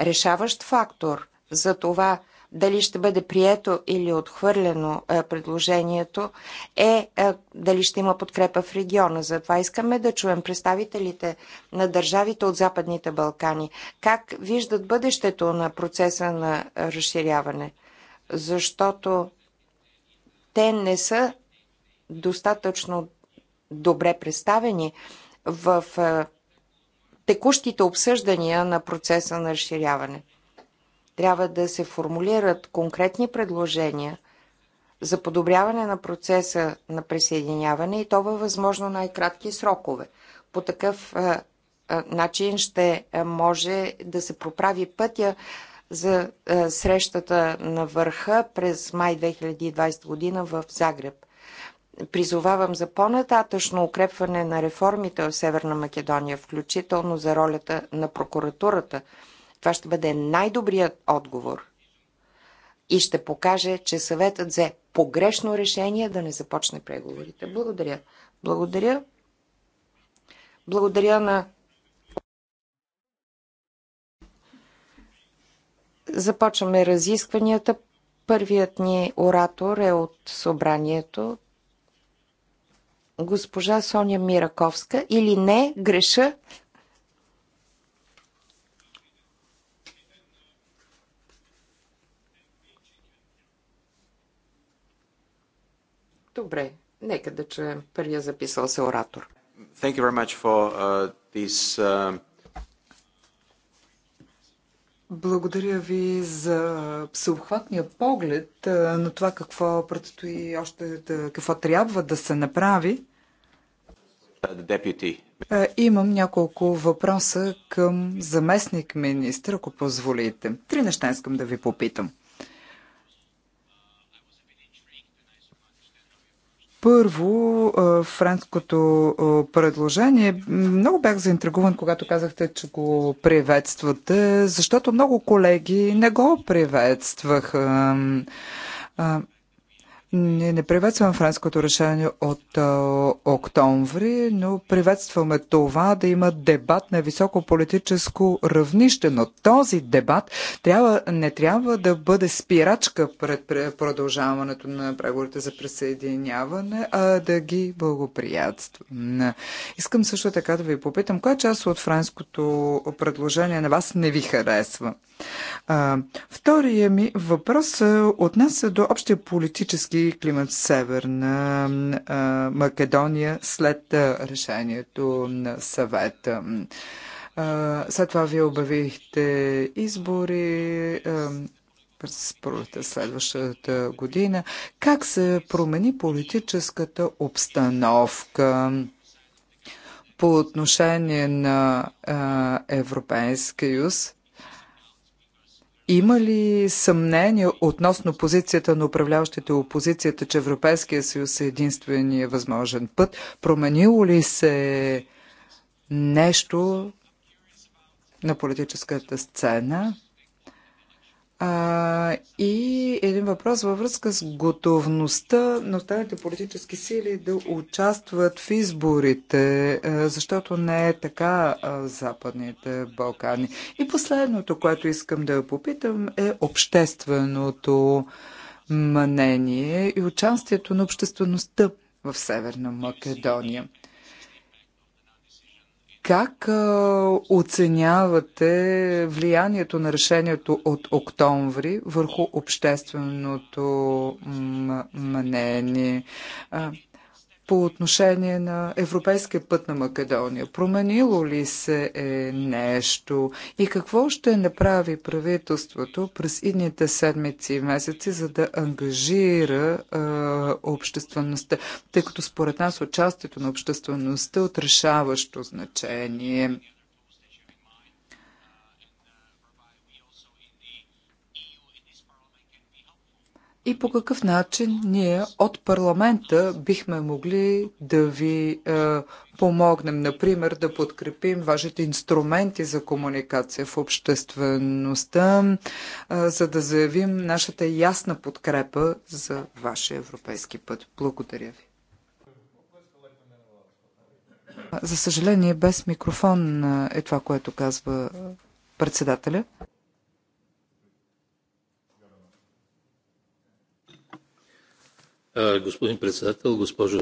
Решаващ фактор за това дали ще бъде прието или отхвърлено е, предложението, е, е дали ще има подкрепа в региона. Затова искаме да чуем представителите на държавите от Западните Балкани как виждат бъдещето на процеса на разширяване. Защото те не са достатъчно добре представени в е, текущите обсъждания на процеса на разширяване. Трябва да се формулират конкретни предложения за подобряване на процеса на присъединяване и то във възможно най-кратки срокове. По такъв а, а, начин ще може да се проправи пътя за а, срещата на върха през май 2020 година в Загреб. Призовавам за по-нататъчно укрепване на реформите в Северна Македония, включително за ролята на прокуратурата – това ще бъде най-добрият отговор и ще покаже, че съветът взе погрешно решение да не започне преговорите. Благодаря. Благодаря. Благодаря на Започваме разискванията. Първият ни оратор е от събранието госпожа Соня Мираковска или не, греша, Добре, нека да чуем първия записал се оратор. Thank you very much for uh, this uh... Благодаря ви за всеобхватния поглед uh, на това какво предстои още, какво трябва да се направи. Uh, uh, имам няколко въпроса към заместник министр, ако позволите. Три неща искам да ви попитам. Първо, френското предложение. Много бях заинтригуван, когато казахте, че го приветствате, защото много колеги не го приветстваха. Ние не приветстваме френското решение от а, октомври, но приветстваме това да има дебат на високо политическо равнище. Но този дебат трябва, не трябва да бъде спирачка пред продължаването на преговорите за присъединяване, а да ги благоприятства. Искам също така да ви попитам, коя част от френското предложение на вас не ви харесва? А, втория ми въпрос отнася до общия политически този климат в Северна Македония след решението на съвета. След това вие обявихте избори през пролета следващата година. Как се промени политическата обстановка? по отношение на Европейския съюз има ли съмнение относно позицията на управляващите опозицията, че Европейския съюз е единствения възможен път? Променило ли се нещо на политическата сцена? А, и един въпрос във връзка с готовността на останалите политически сили да участват в изборите, защото не е така в Западните Балкани. И последното, което искам да попитам е общественото мнение и участието на обществеността в Северна Македония. Как а, оценявате влиянието на решението от октомври върху общественото мнение? А, по отношение на европейския път на Македония? Променило ли се е нещо? И какво ще направи правителството през идните седмици и месеци, за да ангажира е, обществеността? Тъй като според нас участието на обществеността е от решаващо значение. и по какъв начин ние от парламента бихме могли да ви е, помогнем, например, да подкрепим вашите инструменти за комуникация в обществеността, е, за да заявим нашата ясна подкрепа за вашия европейски път. Благодаря ви. За съжаление, без микрофон е това, което казва председателя. господин председател, госпожо.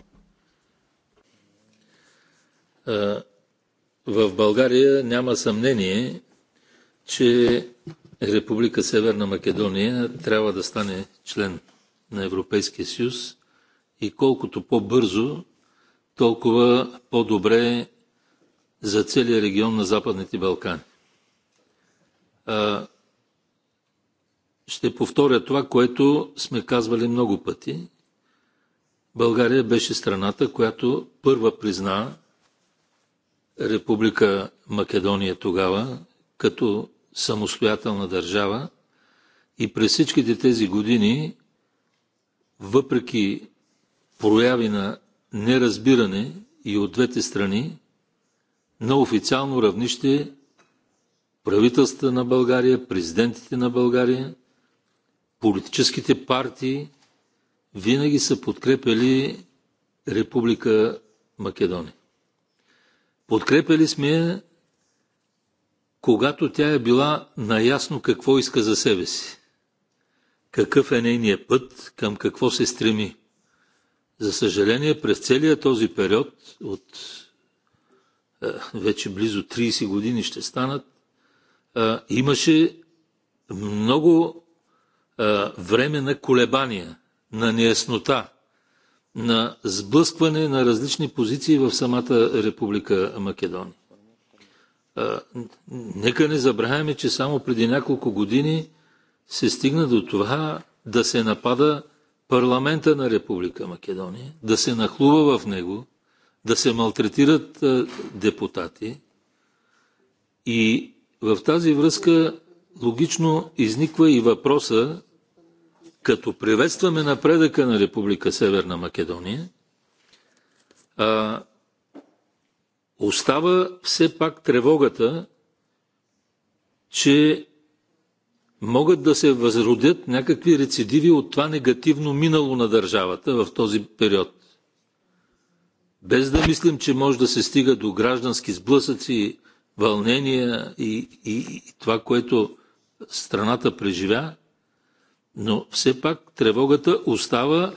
В България няма съмнение, че Република Северна Македония трябва да стане член на Европейския съюз и колкото по-бързо, толкова по-добре за целия регион на Западните Балкани. Ще повторя това, което сме казвали много пъти. България беше страната, която първа призна Република Македония тогава като самостоятелна държава и през всичките тези години, въпреки прояви на неразбиране и от двете страни, на официално равнище правителствата на България, президентите на България, политическите партии винаги са подкрепяли Република Македония. Подкрепяли сме я, когато тя е била наясно какво иска за себе си, какъв е нейният път, към какво се стреми. За съжаление, през целия този период от вече близо 30 години ще станат, имаше много време на колебания на неяснота, на сблъскване на различни позиции в самата Република Македония. Нека не забравяме, че само преди няколко години се стигна до това да се напада парламента на Република Македония, да се нахлува в него, да се малтретират депутати. И в тази връзка логично изниква и въпроса като приветстваме напредъка на Република Северна Македония, а, остава все пак тревогата, че могат да се възродят някакви рецидиви от това негативно минало на държавата в този период. Без да мислим, че може да се стига до граждански сблъсъци, вълнения и, и, и това, което страната преживя – но все пак тревогата остава,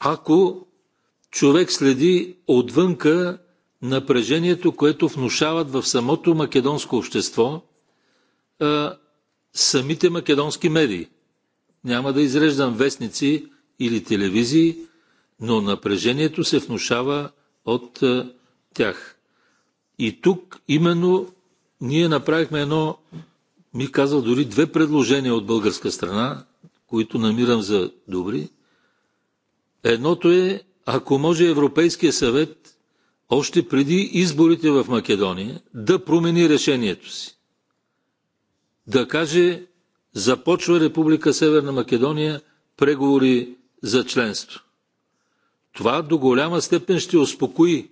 ако човек следи отвънка напрежението, което внушават в самото македонско общество а, самите македонски медии. Няма да изреждам вестници или телевизии, но напрежението се внушава от а, тях. И тук именно ние направихме едно, ми казал дори две предложения от българска страна които намирам за добри. Едното е, ако може Европейския съвет още преди изборите в Македония да промени решението си. Да каже, започва Република Северна Македония преговори за членство. Това до голяма степен ще успокои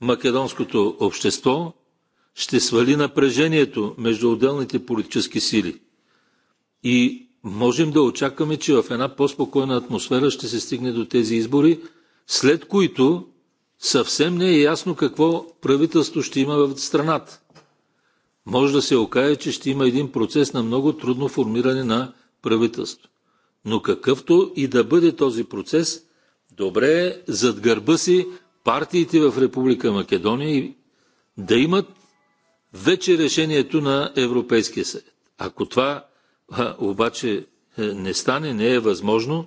македонското общество, ще свали напрежението между отделните политически сили. И можем да очакваме, че в една по-спокойна атмосфера ще се стигне до тези избори, след които съвсем не е ясно какво правителство ще има в страната. Може да се окаже, че ще има един процес на много трудно формиране на правителство. Но какъвто и да бъде този процес, добре е зад гърба си партиите в Република Македония да имат вече решението на Европейския съвет. Ако това обаче не стане, не е възможно,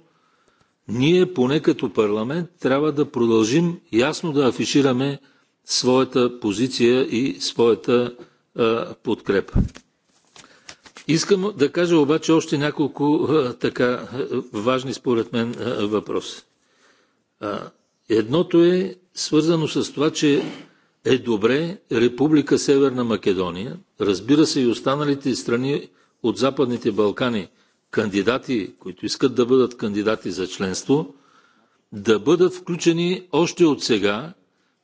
ние поне като парламент трябва да продължим ясно да афишираме своята позиция и своята а, подкрепа. Искам да кажа обаче още няколко а, така важни според мен въпроси. едното е свързано с това, че е добре Република Северна Македония, разбира се и останалите страни от Западните Балкани кандидати, които искат да бъдат кандидати за членство, да бъдат включени още от сега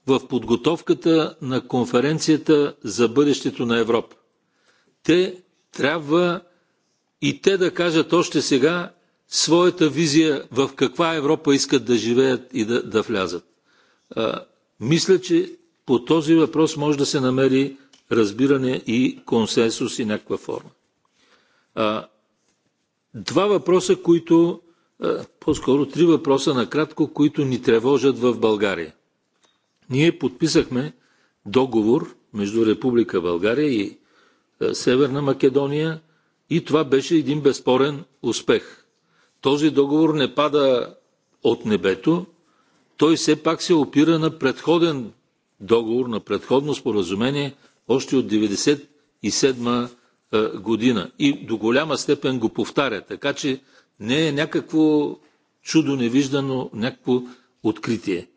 в подготовката на конференцията за бъдещето на Европа. Те трябва и те да кажат още сега своята визия в каква Европа искат да живеят и да, да влязат. А, мисля, че по този въпрос може да се намери разбиране и консенсус и някаква форма два въпроса, които, по-скоро три въпроса накратко, които ни тревожат в България. Ние подписахме договор между Република България и Северна Македония и това беше един безспорен успех. Този договор не пада от небето, той все пак се опира на предходен договор, на предходно споразумение още от 1997 година. И до голяма степен го повтаря. Така че не е някакво чудо невиждано, някакво откритие.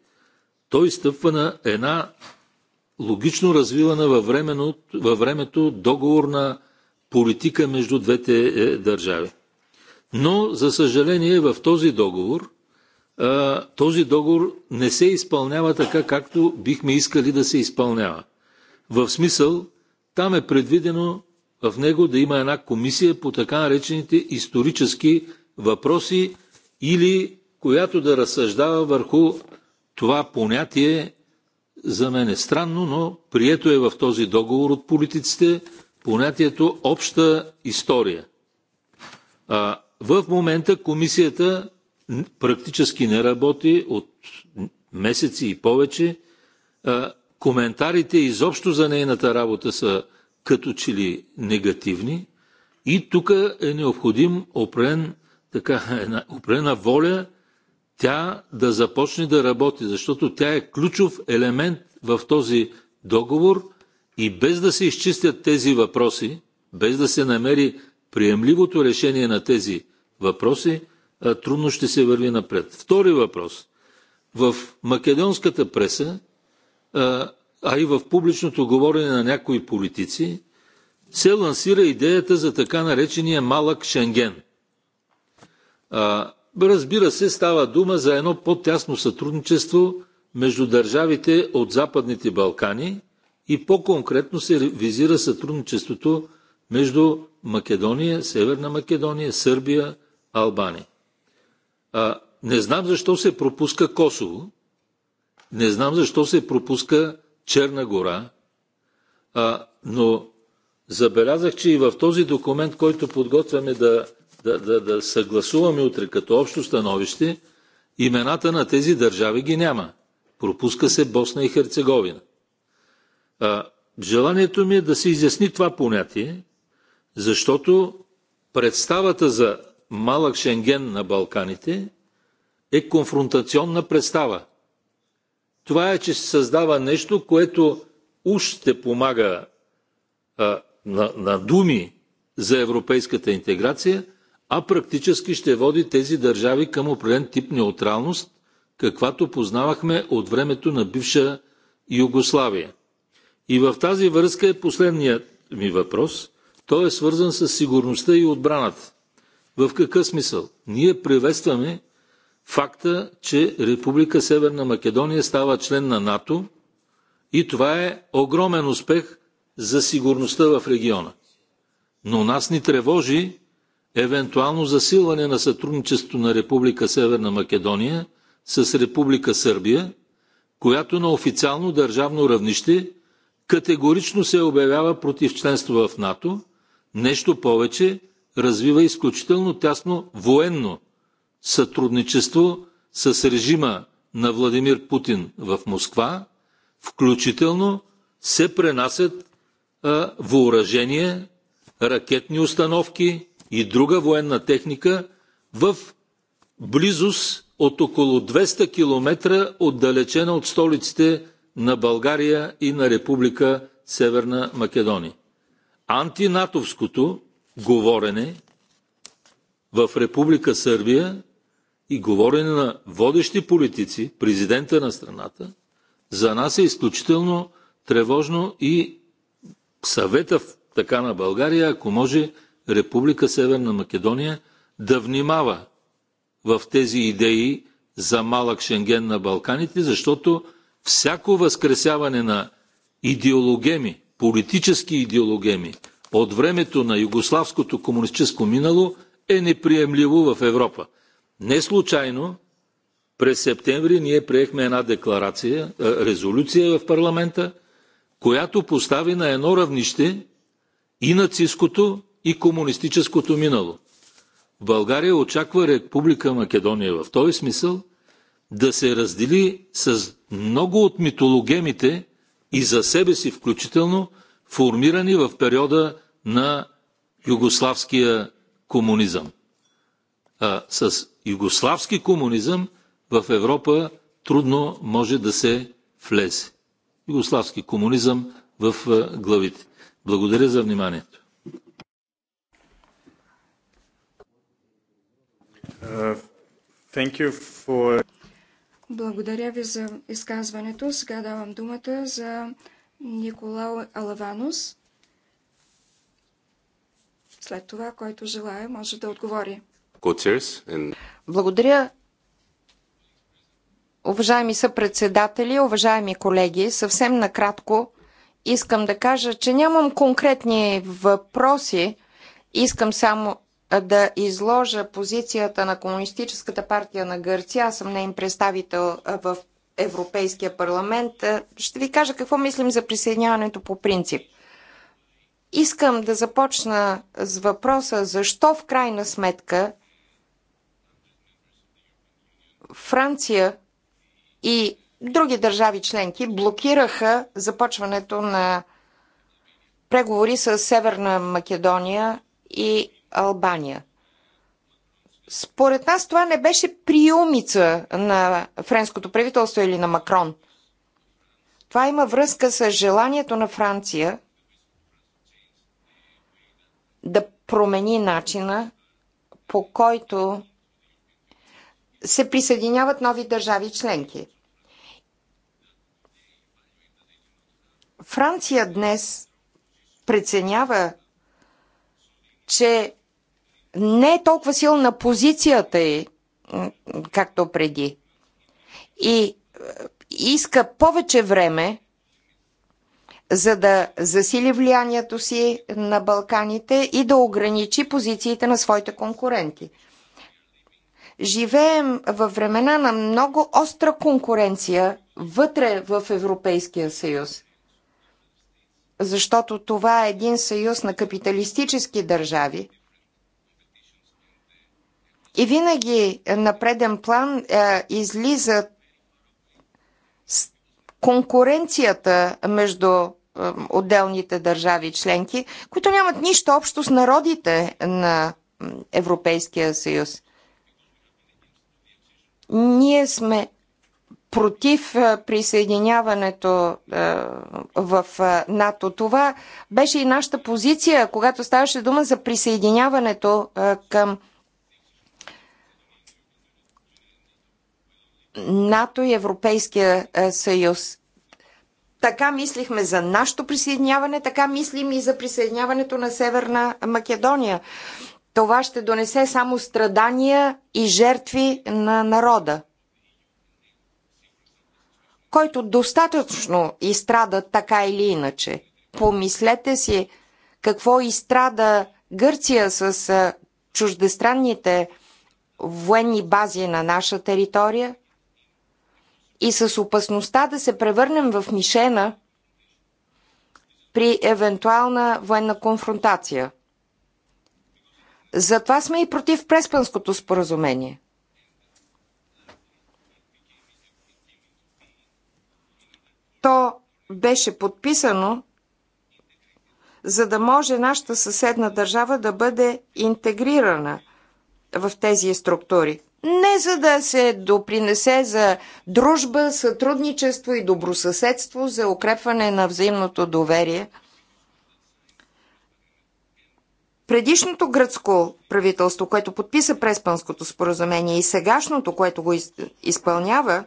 Той стъпва на една логично развивана във, времето във времето договорна политика между двете е, държави. Но, за съжаление, в този договор, а, този договор не се изпълнява така, както бихме искали да се изпълнява. В смисъл, там е предвидено в него да има една комисия по така наречените исторически въпроси или която да разсъждава върху това понятие за мен е странно, но прието е в този договор от политиците понятието обща история. А, в момента комисията практически не работи от месеци и повече. А, коментарите изобщо за нейната работа са като че ли негативни и тук е необходим опрен, така, една опрена воля тя да започне да работи, защото тя е ключов елемент в този договор и без да се изчистят тези въпроси, без да се намери приемливото решение на тези въпроси, трудно ще се върви напред. Втори въпрос. В македонската преса а и в публичното говорене на някои политици, се лансира идеята за така наречения малък Шенген. А, разбира се, става дума за едно по-тясно сътрудничество между държавите от Западните Балкани и по-конкретно се визира сътрудничеството между Македония, Северна Македония, Сърбия, Албания. А, не знам защо се пропуска Косово, не знам защо се пропуска Черна гора, а, но забелязах, че и в този документ, който подготвяме да, да, да, да съгласуваме утре като общо становище, имената на тези държави ги няма. Пропуска се Босна и Херцеговина. А, желанието ми е да се изясни това понятие, защото представата за малък Шенген на Балканите е конфронтационна представа това е, че се създава нещо, което уж ще помага а, на, на думи за европейската интеграция, а практически ще води тези държави към определен тип неутралност, каквато познавахме от времето на бивша Югославия. И в тази връзка е последният ми въпрос. Той е свързан с сигурността и отбраната. В какъв смисъл? Ние приветстваме факта, че Република Северна Македония става член на НАТО и това е огромен успех за сигурността в региона. Но нас ни тревожи евентуално засилване на сътрудничеството на Република Северна Македония с Република Сърбия, която на официално държавно равнище категорично се обявява против членство в НАТО, нещо повече развива изключително тясно военно сътрудничество с режима на Владимир Путин в Москва, включително се пренасят а, въоръжение, ракетни установки и друга военна техника в близост от около 200 км отдалечена от столиците на България и на Република Северна Македония. Антинатовското говорене в Република Сърбия и говорене на водещи политици, президента на страната, за нас е изключително тревожно и съвета така на България, ако може Република Северна Македония да внимава в тези идеи за малък Шенген на Балканите, защото всяко възкресяване на идеологеми, политически идеологеми от времето на югославското комунистическо минало е неприемливо в Европа. Не случайно през септември ние приехме една декларация, е, резолюция в парламента, която постави на едно равнище и нацистското, и комунистическото минало. България очаква Република Македония в този смисъл да се раздели с много от митологемите и за себе си включително, формирани в периода на югославския комунизъм. А, с югославски комунизъм в Европа трудно може да се влезе. Югославски комунизъм в главите. Благодаря за вниманието. For... Благодаря ви за изказването. Сега давам думата за Николао Алаванус. След това, който желая, може да отговори. Благодаря. Уважаеми съпредседатели, уважаеми колеги, съвсем накратко искам да кажа, че нямам конкретни въпроси. Искам само да изложа позицията на Комунистическата партия на Гърция. Аз съм нейн представител в Европейския парламент. Ще ви кажа какво мислим за присъединяването по принцип. Искам да започна с въпроса защо в крайна сметка Франция и други държави членки блокираха започването на преговори с Северна Македония и Албания. Според нас това не беше приумица на френското правителство или на Макрон. Това има връзка с желанието на Франция да промени начина по който се присъединяват нови държави членки. Франция днес преценява, че не е толкова силна позицията е, както преди. И е, иска повече време, за да засили влиянието си на Балканите и да ограничи позициите на своите конкуренти – Живеем във времена на много остра конкуренция вътре в Европейския съюз. Защото това е един съюз на капиталистически държави. И винаги на преден план е, излизат конкуренцията между е, отделните държави членки, които нямат нищо общо с народите на Европейския съюз. Ние сме против присъединяването в НАТО. Това беше и нашата позиция, когато ставаше дума за присъединяването към НАТО и Европейския съюз. Така мислихме за нашето присъединяване, така мислим и за присъединяването на Северна Македония това ще донесе само страдания и жертви на народа, който достатъчно изстрада така или иначе. Помислете си какво изстрада Гърция с чуждестранните военни бази на наша територия и с опасността да се превърнем в мишена при евентуална военна конфронтация – затова сме и против Преспанското споразумение. То беше подписано, за да може нашата съседна държава да бъде интегрирана в тези структури. Не за да се допринесе за дружба, сътрудничество и добросъседство, за укрепване на взаимното доверие – предишното гръцко правителство, което подписа Преспанското споразумение и сегашното, което го изпълнява,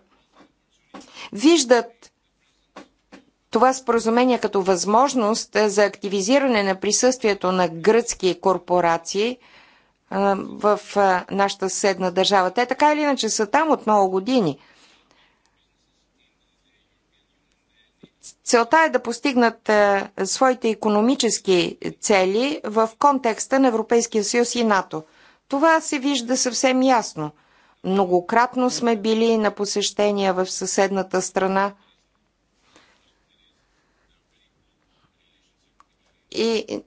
виждат това споразумение като възможност е, за активизиране на присъствието на гръцки корпорации е, в е, нашата съседна държава. Те така или иначе са там от много години – Целта е да постигнат е, своите економически цели в контекста на Европейския съюз и НАТО. Това се вижда съвсем ясно. Многократно сме били на посещения в съседната страна. И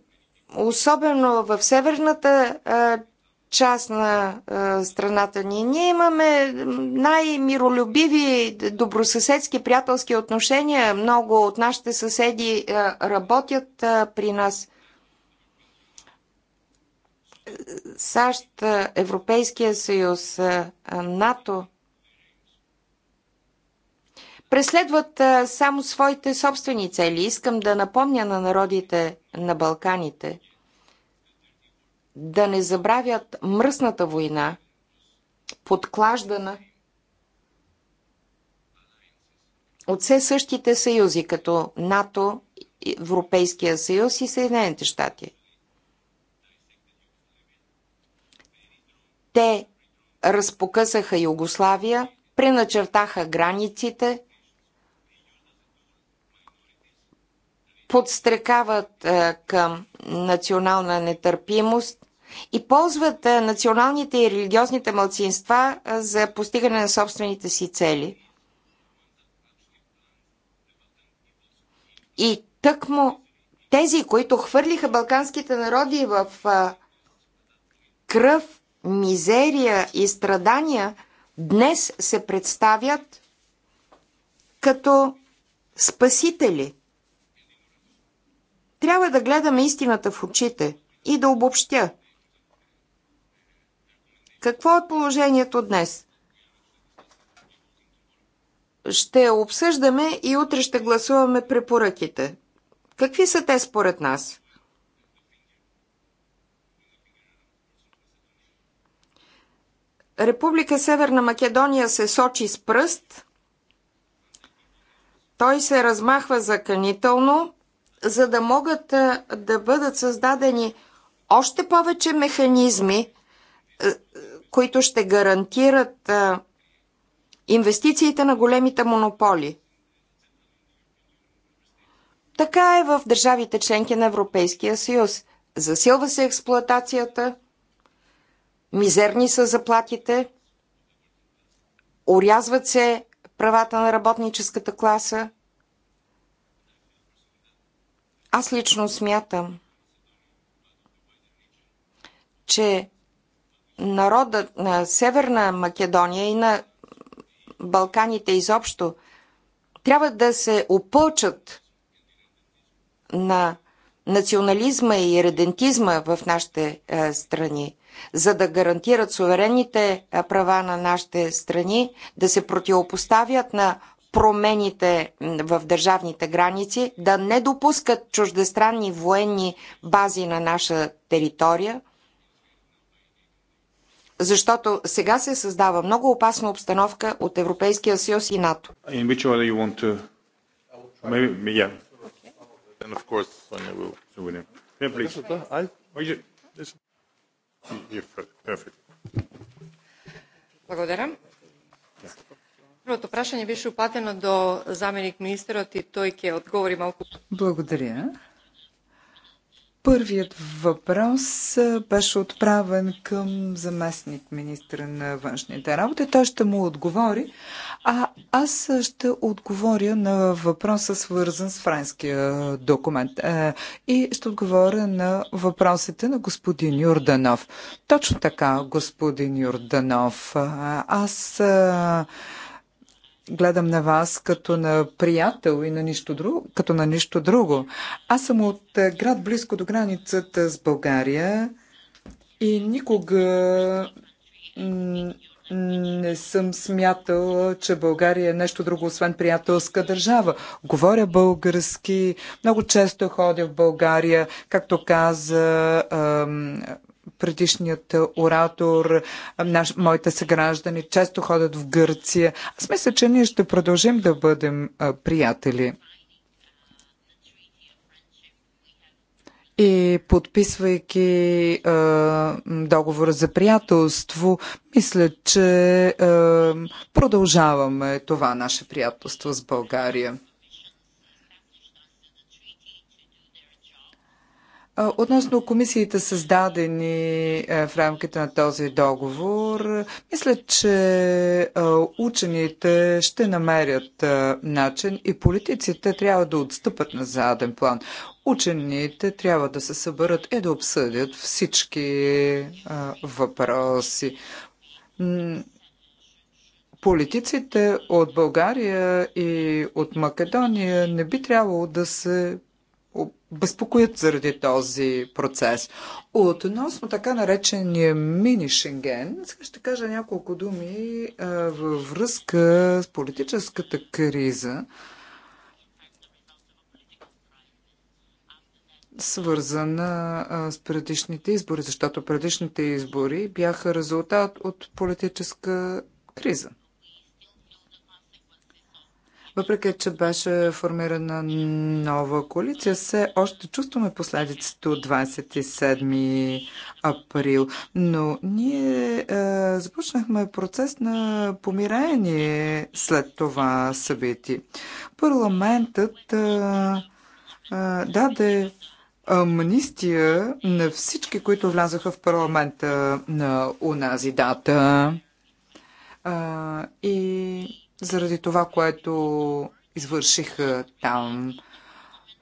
особено в северната е, част на а, страната ни. Ние имаме най-миролюбиви, добросъседски, приятелски отношения. Много от нашите съседи а, работят а, при нас. САЩ, Европейския съюз, НАТО преследват само своите собствени цели. Искам да напомня на народите на Балканите – да не забравят мръсната война, подклаждана от все същите съюзи, като НАТО, Европейския съюз и Съединените щати. Те разпокъсаха Югославия, преначертаха границите, подстрекават е, към национална нетърпимост и ползват националните и религиозните мълцинства за постигане на собствените си цели. И тъкмо тези, които хвърлиха балканските народи в кръв, мизерия и страдания, днес се представят като спасители. Трябва да гледаме истината в очите и да обобщя – какво е положението днес? Ще обсъждаме и утре ще гласуваме препоръките. Какви са те според нас? Република Северна Македония се сочи с пръст. Той се размахва заканително, за да могат да бъдат създадени още повече механизми които ще гарантират инвестициите на големите монополи. Така е в държавите членки на Европейския съюз. Засилва се експлоатацията, мизерни са заплатите, урязват се правата на работническата класа. Аз лично смятам, че народа на Северна Македония и на Балканите изобщо трябва да се опълчат на национализма и редентизма в нашите е, страни, за да гарантират суверенните е, права на нашите страни, да се противопоставят на промените в държавните граници, да не допускат чуждестранни военни бази на наша територия – защото сега се създава много опасна обстановка от Европейския съюз и НАТО. Благодаря. Първото yeah. прашање беше упатено до заменик министерот и тој ќе одговори малку. Благодаря. Първият въпрос беше отправен към заместник министра на външните работи. Той ще му отговори, а аз ще отговоря на въпроса, свързан с френския документ. Е, и ще отговоря на въпросите на господин Юрданов. Точно така, господин Юрданов. Е, аз е, гледам на вас като на приятел и на нищо друго, като на нищо друго. Аз съм от е, град близко до границата с България и никога не съм смятала, че България е нещо друго, освен приятелска държава. Говоря български, много често ходя в България, както каза предишният оратор, наш, моите съграждани често ходят в Гърция. Аз мисля, че ние ще продължим да бъдем приятели. И подписвайки е, договора за приятелство, мисля, че продължаваме това наше приятелство с България. Относно комисиите, създадени е, в рамките на този договор, мисля, че учените ще намерят начин и политиците трябва да отстъпат на заден план. Учените трябва да се съберат и да обсъдят всички въпроси политиците от България и от Македония не би трябвало да се безпокоят заради този процес. Относно така наречения мини Шенген, сега ще кажа няколко думи а, във връзка с политическата криза, свързана а, с предишните избори, защото предишните избори бяха резултат от политическа криза. Въпреки, че беше формирана нова коалиция, все още чувстваме последиците от 27 април. Но ние е, започнахме процес на помирение след това събитие. Парламентът е, е, даде амнистия на всички, които влязаха в парламента на унази дата. А, е, и заради това, което извършиха там.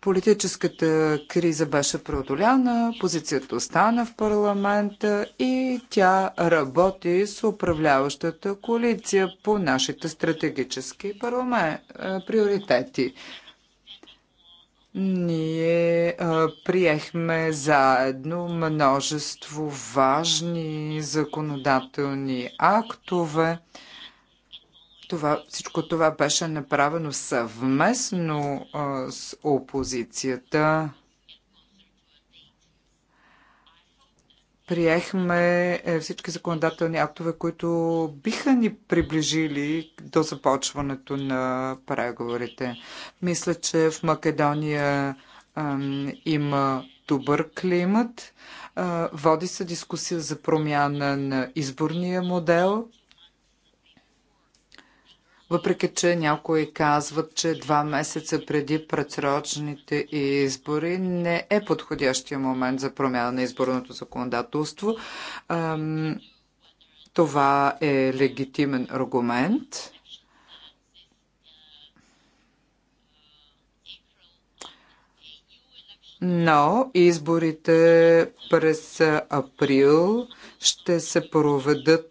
Политическата криза беше преодоляна, позицията остана в парламента и тя работи с управляващата коалиция по нашите стратегически парламент, приоритети. Ние а, приехме заедно множество важни законодателни актове. Това, всичко това беше направено съвместно а, с опозицията. Приехме е, всички законодателни актове, които биха ни приближили до започването на преговорите. Мисля, че в Македония а, има добър климат. А, води се дискусия за промяна на изборния модел въпреки, че някои казват, че два месеца преди предсрочните избори не е подходящия момент за промяна на изборното законодателство, това е легитимен аргумент. Но изборите през април ще се проведат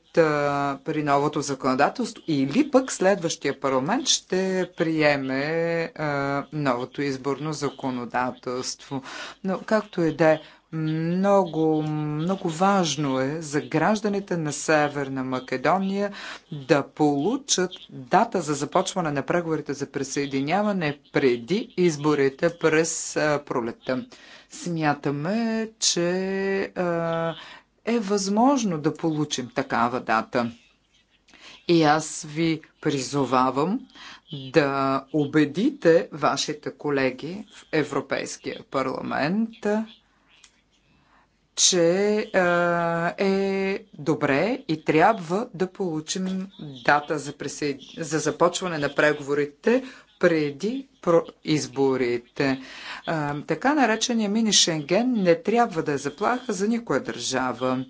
при новото законодателство или пък следващия парламент ще приеме а, новото изборно законодателство. Но както и да е, много, много важно е за гражданите на Северна Македония да получат дата за започване на преговорите за присъединяване преди изборите през пролетта. Смятаме, че а, е възможно да получим такава дата. И аз ви призовавам да убедите вашите колеги в Европейския парламент, че е добре и трябва да получим дата за, присъед... за започване на преговорите преди изборите. Така наречения мини Шенген не трябва да е заплаха за никоя държава.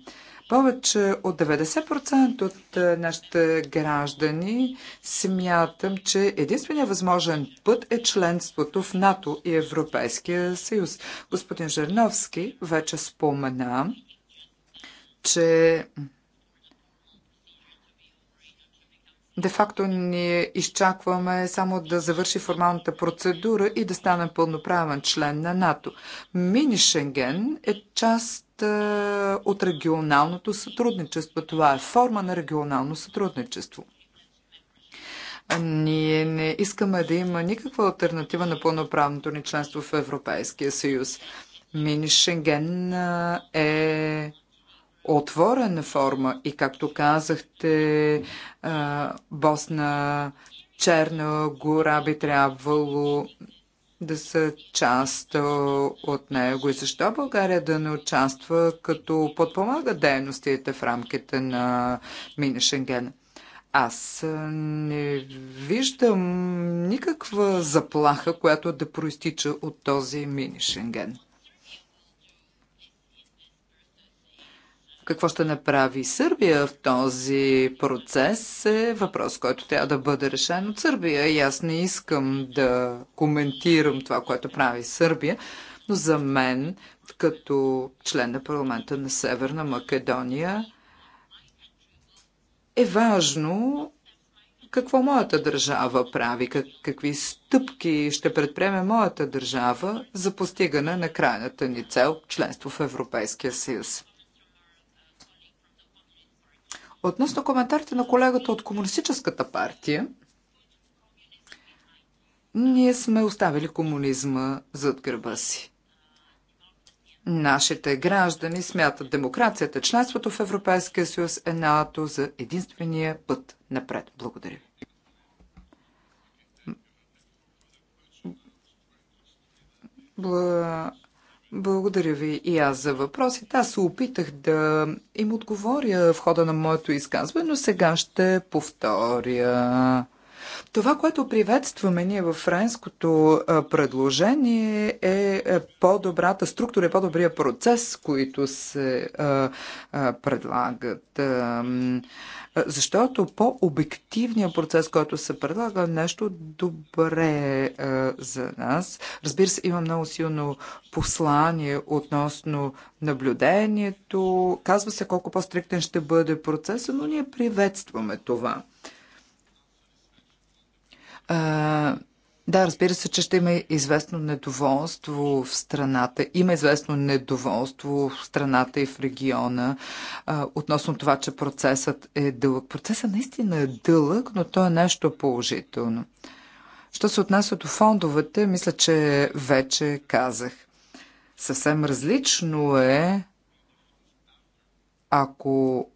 Повече от 90% от нашите граждани смятам, че единственият възможен път е членството в НАТО и Европейския съюз. Господин Жерновски вече спомена, че де-факто ние изчакваме само да завърши формалната процедура и да станем пълноправен член на НАТО. Мини Шенген е част е, от регионалното сътрудничество. Това е форма на регионално сътрудничество. Ние не искаме да има никаква альтернатива на пълноправното ни членство в Европейския съюз. Мини Шенген е отворена форма и, както казахте, Босна, Черна гора би трябвало да са част от него. И защо България да не участва, като подпомага дейностите в рамките на Мини Шенген? Аз не виждам никаква заплаха, която да проистича от този мини Шенген. Какво ще направи Сърбия в този процес е въпрос, който трябва да бъде решен от Сърбия. И аз не искам да коментирам това, което прави Сърбия, но за мен, като член на парламента на Северна Македония, е важно какво моята държава прави, как, какви стъпки ще предприеме моята държава за постигане на крайната ни цел членство в Европейския съюз. Относно коментарите на колегата от Комунистическата партия, ние сме оставили комунизма зад гърба си. Нашите граждани смятат демокрацията, членството в Европейския съюз е НАТО за единствения път напред. Благодаря ви. Бла... Благодаря ви и аз за въпросите. Аз се опитах да им отговоря в хода на моето изказване, но сега ще повторя. Това, което приветстваме ние във френското предложение е, е по-добрата структура и е по-добрия процес, които се предлагат. Защото по-обективният процес, който се предлага, е нещо добре за нас. Разбира се, има много силно послание относно наблюдението. Казва се колко по-стриктен ще бъде процесът, но ние приветстваме това. А, да, разбира се, че ще има известно недоволство в страната. Има известно недоволство в страната и в региона а, относно това, че процесът е дълъг. Процесът наистина е дълъг, но то е нещо положително. Що се отнася до фондовете, мисля, че вече казах. Съвсем различно е, ако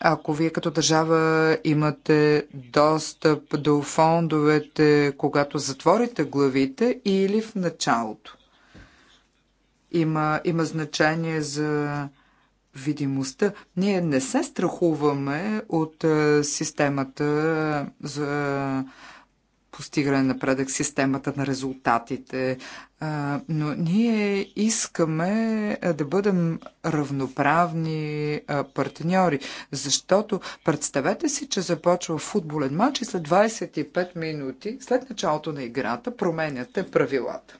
Ако вие като държава имате достъп до фондовете, когато затворите главите или в началото? Има, има значение за видимостта. Ние не се страхуваме от системата за постигане на предък системата на резултатите, но ние искаме да бъдем равноправни партньори, защото представете си, че започва футболен матч и след 25 минути, след началото на играта, променяте правилата.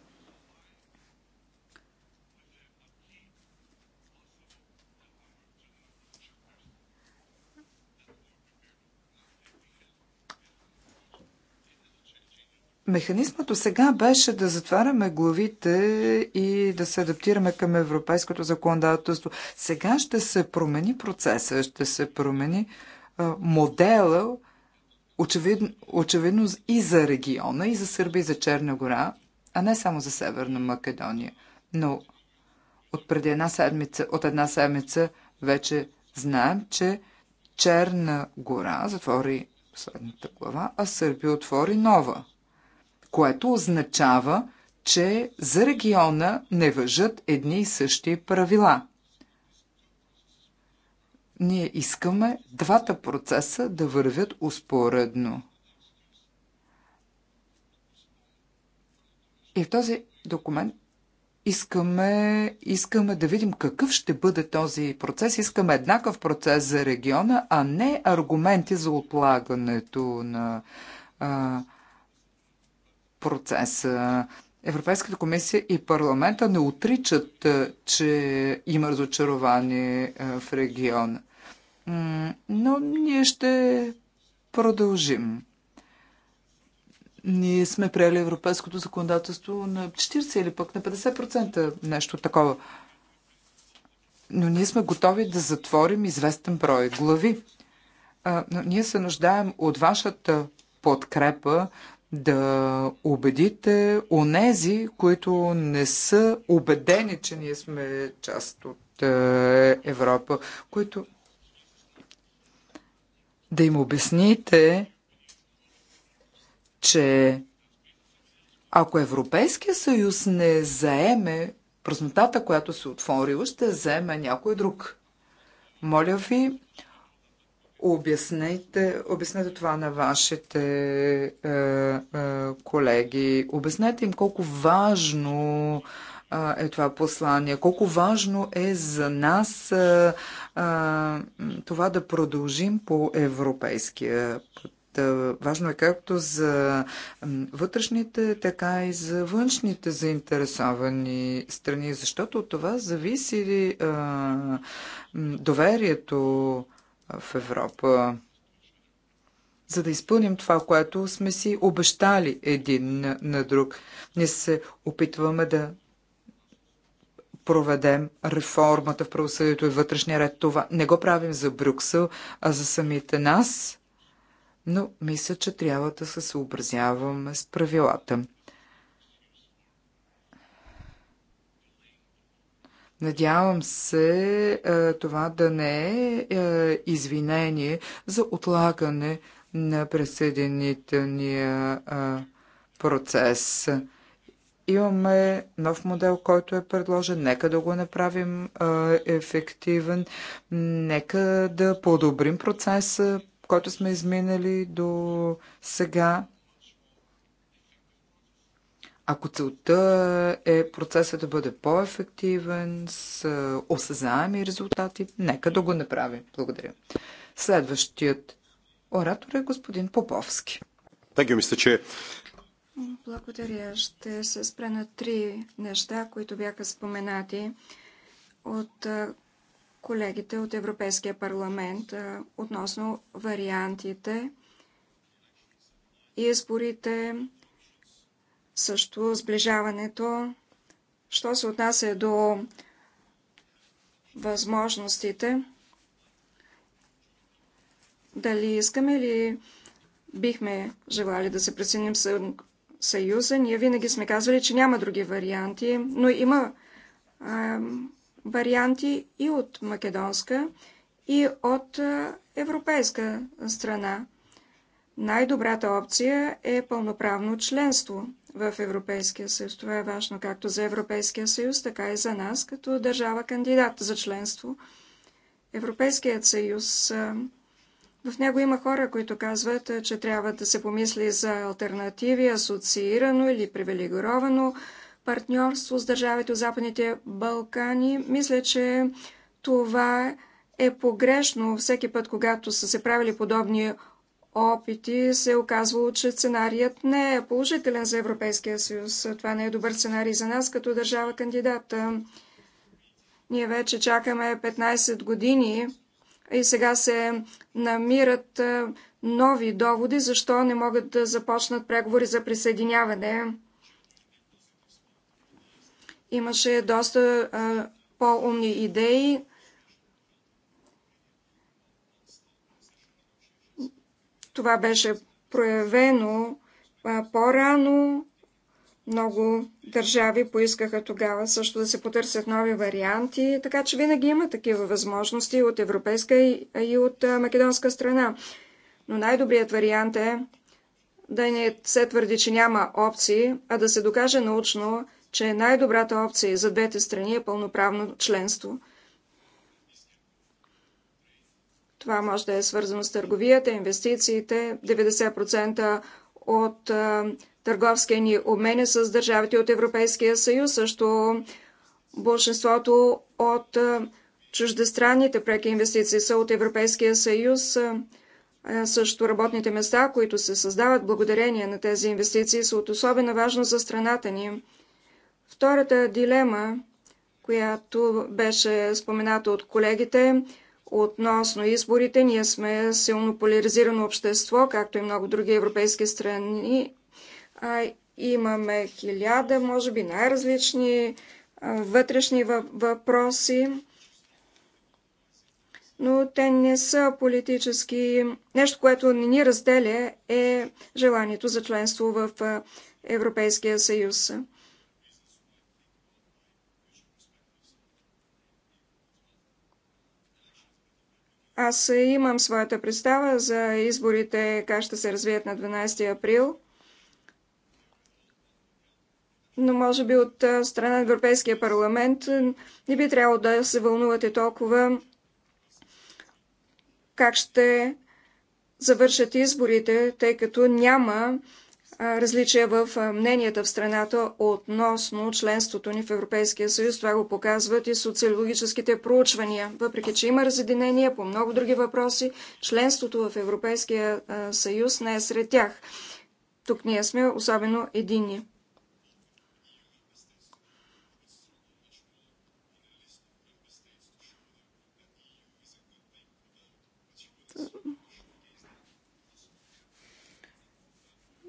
Механизмът до сега беше да затваряме главите и да се адаптираме към европейското законодателство. Сега ще се промени процеса, ще се промени а, модела, очевидно, очевидно и за региона, и за Сърбия, и за Черна гора, а не само за Северна Македония. Но от преди една седмица, от една седмица вече знаем, че Черна гора затвори последната глава, а Сърбия отвори нова което означава, че за региона не въжат едни и същи правила. Ние искаме двата процеса да вървят успоредно. И в този документ искаме, искаме да видим какъв ще бъде този процес. Искаме еднакъв процес за региона, а не аргументи за отлагането на а, процес. Европейската комисия и парламента не отричат, е, че има разочарование е, в региона. Но ние ще продължим. Ние сме приели европейското законодателство на 40 или пък на 50% нещо такова. Но ние сме готови да затворим известен брой глави. Но ние се нуждаем от вашата подкрепа, да убедите онези, които не са убедени, че ние сме част от е, Европа, които да им обясните, че ако Европейския съюз не заеме празнотата, която се отворила, ще заеме някой друг. Моля ви, Обяснете, обяснете това на вашите е, е, колеги. Обяснете им колко важно е, е това послание, колко важно е за нас а, е, а, е, това да продължим по европейския път. Важно е както за вътрешните, така и за външните заинтересовани страни, защото от това зависи доверието в Европа, за да изпълним това, което сме си обещали един на, на друг. Ние се опитваме да проведем реформата в правосъдието и вътрешния ред. Това не го правим за Брюксел, а за самите нас, но мисля, че трябва да се съобразяваме с правилата. Надявам се е, това да не е, е извинение за отлагане на присъединителния е, процес. Имаме нов модел, който е предложен. Нека да го направим ефективен. Нека да подобрим процеса, който сме изминали до сега. Ако целта е процесът да бъде по-ефективен, с е, осъзнаеми резултати, нека да го направим. Благодаря. Следващият оратор е господин Поповски. мисля, че. Благодаря. Ще се спре на три неща, които бяха споменати от е, колегите от Европейския парламент е, относно вариантите, и изборите, също сближаването, що се отнася до възможностите, дали искаме или бихме желали да се присъединим Съюза. Ние винаги сме казвали, че няма други варианти, но има а, варианти и от македонска, и от а, европейска страна. Най-добрата опция е пълноправно членство – в Европейския съюз. Това е важно както за Европейския съюз, така и за нас, като държава кандидат за членство. Европейският съюз, в него има хора, които казват, че трябва да се помисли за альтернативи, асоциирано или привилегировано партньорство с държавите от Западните Балкани. Мисля, че това е погрешно всеки път, когато са се правили подобни опити се е оказвало, че сценарият не е положителен за Европейския съюз. Това не е добър сценарий за нас като държава кандидата. Ние вече чакаме 15 години и сега се намират нови доводи, защо не могат да започнат преговори за присъединяване. Имаше доста по-умни идеи, Това беше проявено по-рано. Много държави поискаха тогава също да се потърсят нови варианти, така че винаги има такива възможности от европейска и от македонска страна. Но най-добрият вариант е да не се твърди, че няма опции, а да се докаже научно, че най-добрата опция е за двете страни е пълноправно членство – Това може да е свързано с търговията, инвестициите. 90% от търговския ни обмен е с държавите от Европейския съюз, също большинството от чуждестранните преки инвестиции са от Европейския съюз. Също работните места, които се създават благодарение на тези инвестиции, са от особена важност за страната ни. Втората дилема, която беше спомената от колегите, относно изборите. Ние сме силно поляризирано общество, както и много други европейски страни. А, имаме хиляда, може би най-различни вътрешни въпроси, но те не са политически. Нещо, което не ни разделя е желанието за членство в Европейския съюз. Аз имам своята представа за изборите, как ще се развият на 12 април. Но може би от страна на Европейския парламент не би трябвало да се вълнувате толкова как ще завършат изборите, тъй като няма различия в мненията в страната относно членството ни в Европейския съюз. Това го показват и социологическите проучвания. Въпреки, че има разединения по много други въпроси, членството в Европейския съюз не е сред тях. Тук ние сме особено единни.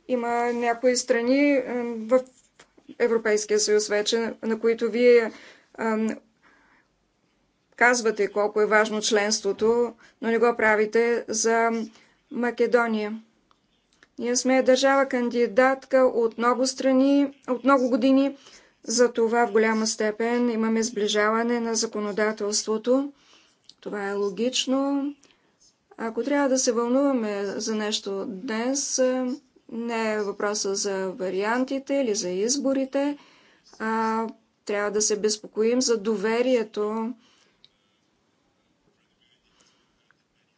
Има някои страни в Европейския съюз вече, на които вие казвате колко е важно членството, но не го правите за Македония. Ние сме държава кандидатка от много страни, от много години. За това в голяма степен имаме сближаване на законодателството. Това е логично. Ако трябва да се вълнуваме за нещо днес, не е въпроса за вариантите или за изборите, а трябва да се безпокоим за доверието.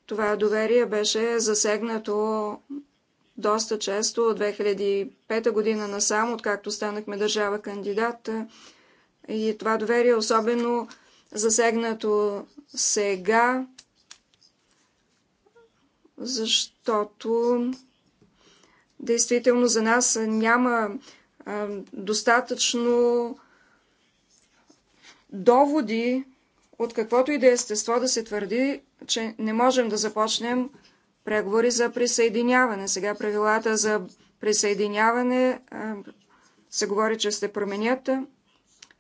Това доверие беше засегнато доста често от 2005 година насам, откакто станахме държава кандидат. И това доверие е особено засегнато сега, защото Действително за нас няма а, достатъчно доводи от каквото и да е естество да се твърди, че не можем да започнем преговори за присъединяване. Сега правилата за присъединяване а, се говори, че сте променят.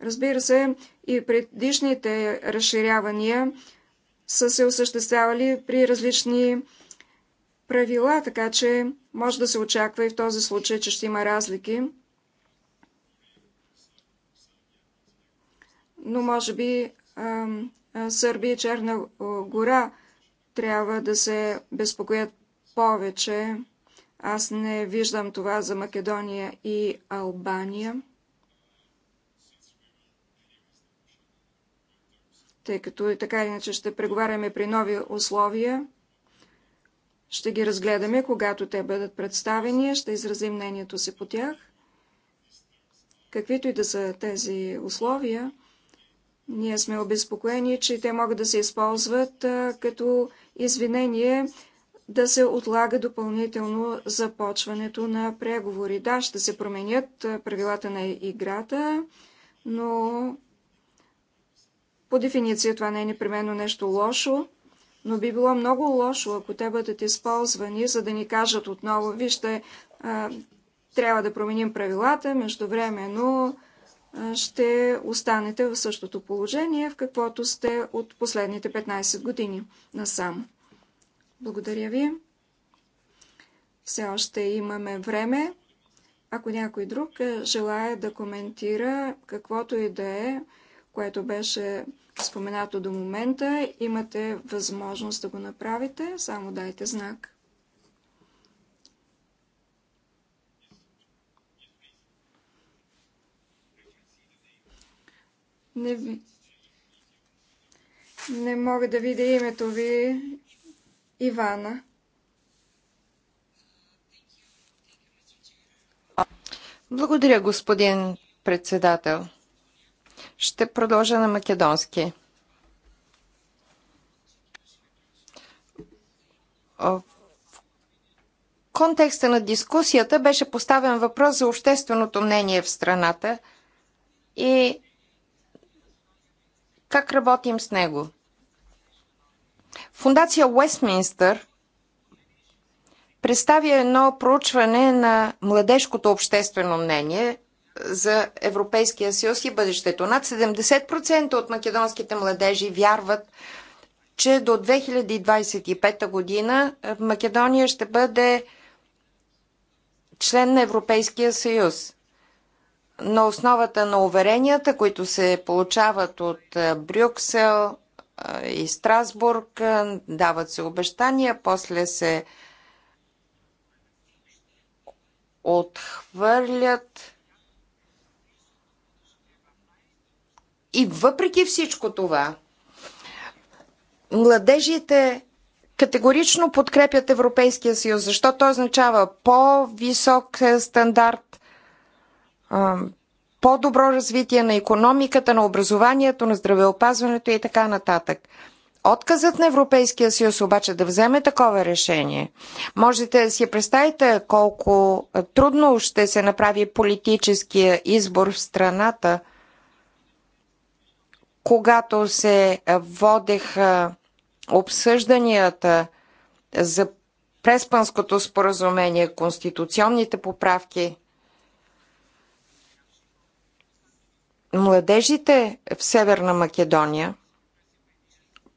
Разбира се, и предишните разширявания са се осъществявали при различни правила, така че може да се очаква и в този случай, че ще има разлики. Но може би Сърбия и Черна гора трябва да се безпокоят повече. Аз не виждам това за Македония и Албания. Тъй като и така иначе ще преговаряме при нови условия. Ще ги разгледаме, когато те бъдат представени, ще изразим мнението си по тях. Каквито и да са тези условия, ние сме обезпокоени, че те могат да се използват а, като извинение да се отлага допълнително започването на преговори. Да, ще се променят правилата на играта, но по дефиниция това не е непременно нещо лошо но би било много лошо, ако те бъдат използвани, за да ни кажат отново, вижте, трябва да променим правилата, междувременно ще останете в същото положение, в каквото сте от последните 15 години насам. Благодаря ви. Все още имаме време. Ако някой друг желая да коментира каквото и да е, което беше споменато до момента. Имате възможност да го направите, само дайте знак. Не, ви... не мога да видя името ви, Ивана. Благодаря, господин председател. Ще продължа на македонски. В контекста на дискусията беше поставен въпрос за общественото мнение в страната и как работим с него. Фундация Уестминстър представя едно проучване на младежкото обществено мнение за Европейския съюз и бъдещето. Над 70% от македонските младежи вярват, че до 2025 година Македония ще бъде член на Европейския съюз. На основата на уверенията, които се получават от Брюксел и Страсбург, дават се обещания, после се отхвърлят И въпреки всичко това, младежите категорично подкрепят Европейския съюз, защото той означава по-висок е, стандарт, по-добро развитие на економиката, на образованието, на здравеопазването и така нататък. Отказът на Европейския съюз обаче да вземе такова решение, можете да си представите колко трудно ще се направи политическия избор в страната – когато се водеха обсъжданията за Преспанското споразумение, конституционните поправки, младежите в Северна Македония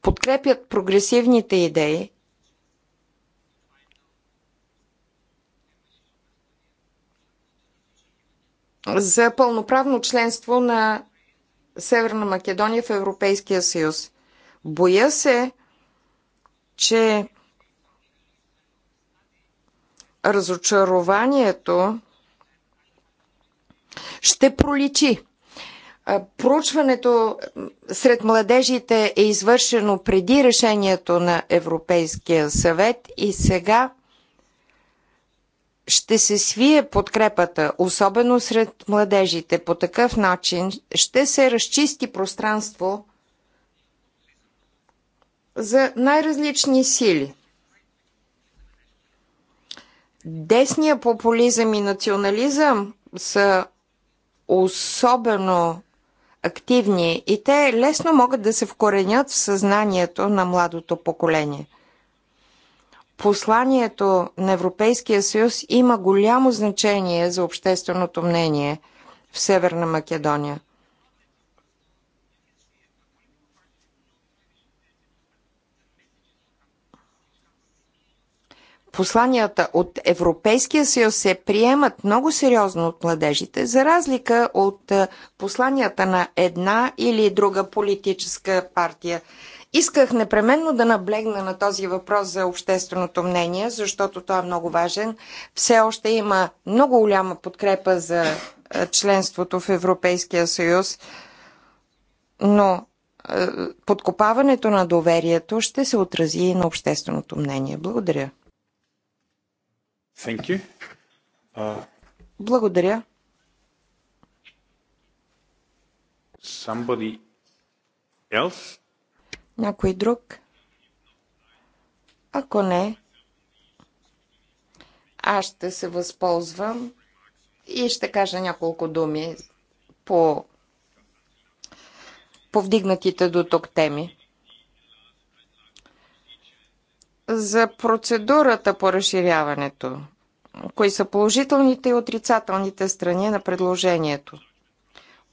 подкрепят прогресивните идеи за пълноправно членство на Северна Македония в Европейския съюз. Боя се, че разочарованието ще проличи. Проучването сред младежите е извършено преди решението на Европейския съвет и сега ще се свие подкрепата, особено сред младежите. По такъв начин ще се разчисти пространство за най-различни сили. Десния популизъм и национализъм са особено активни и те лесно могат да се вкоренят в съзнанието на младото поколение – посланието на Европейския съюз има голямо значение за общественото мнение в Северна Македония. посланията от Европейския съюз се приемат много сериозно от младежите, за разлика от посланията на една или друга политическа партия Исках непременно да наблегна на този въпрос за общественото мнение, защото той е много важен. Все още има много голяма подкрепа за е, членството в Европейския съюз, но е, подкопаването на доверието ще се отрази и на общественото мнение. Благодаря. Thank you. Uh... Благодаря. Somebody else? Някой друг? Ако не, аз ще се възползвам и ще кажа няколко думи по повдигнатите до тук теми. За процедурата по разширяването. Кои са положителните и отрицателните страни на предложението?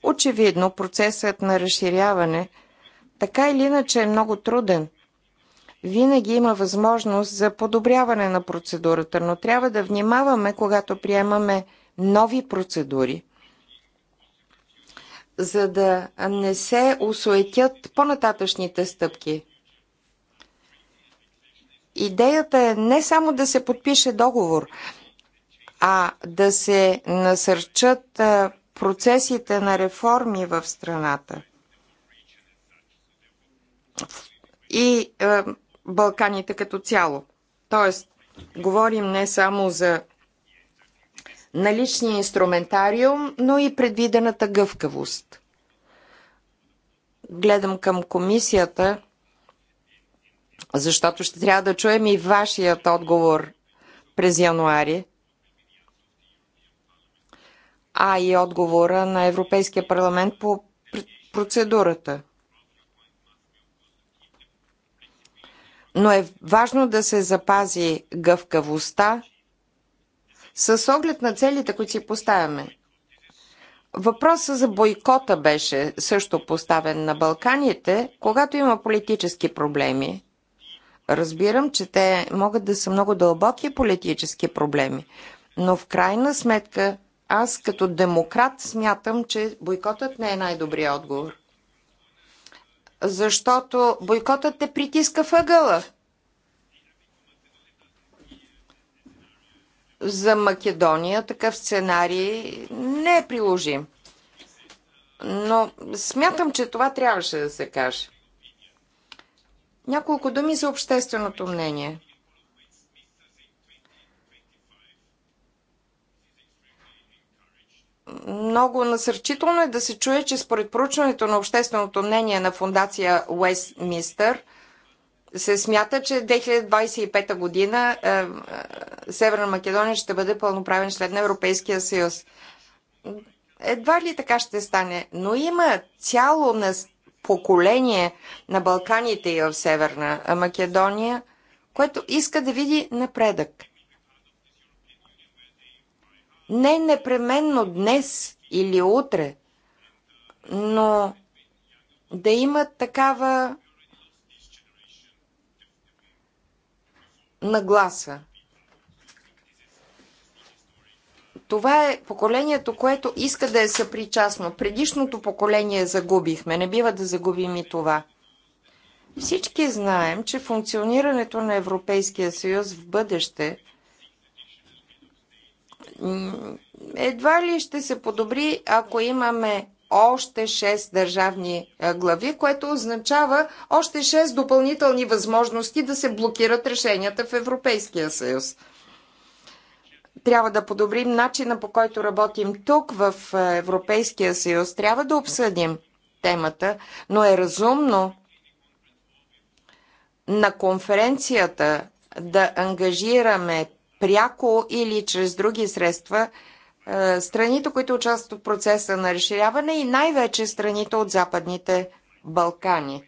Очевидно, процесът на разширяване – така или иначе е много труден. Винаги има възможност за подобряване на процедурата, но трябва да внимаваме, когато приемаме нови процедури, за да не се осуетят по-нататъчните стъпки. Идеята е не само да се подпише договор, а да се насърчат процесите на реформи в страната и а, е, Балканите като цяло. Тоест, говорим не само за наличния инструментариум, но и предвидената гъвкавост. Гледам към комисията, защото ще трябва да чуем и вашият отговор през януари, а и отговора на Европейския парламент по процедурата – но е важно да се запази гъвкавостта с оглед на целите, които си поставяме. Въпросът за бойкота беше също поставен на Балканите, когато има политически проблеми. Разбирам, че те могат да са много дълбоки политически проблеми, но в крайна сметка аз като демократ смятам, че бойкотът не е най-добрият отговор защото бойкотът те притиска въгъла. За Македония такъв сценарий не е приложим. Но смятам, че това трябваше да се каже. Няколко думи за общественото мнение. много насърчително е да се чуе, че според проучването на общественото мнение на фундация Уестминстър се смята, че 2025 година е, е, Северна Македония ще бъде пълноправен член на Европейския съюз. Едва ли така ще стане, но има цяло на поколение на Балканите и в Северна Македония, което иска да види напредък. Не непременно днес или утре, но да имат такава нагласа. Това е поколението, което иска да е съпричастно. Предишното поколение загубихме. Не бива да загубим и това. Всички знаем, че функционирането на Европейския съюз в бъдеще едва ли ще се подобри, ако имаме още 6 държавни глави, което означава още 6 допълнителни възможности да се блокират решенията в Европейския съюз. Трябва да подобрим начина по който работим тук в Европейския съюз. Трябва да обсъдим темата, но е разумно на конференцията да ангажираме пряко или чрез други средства е, страните, които участват в процеса на разширяване и най-вече страните от Западните Балкани.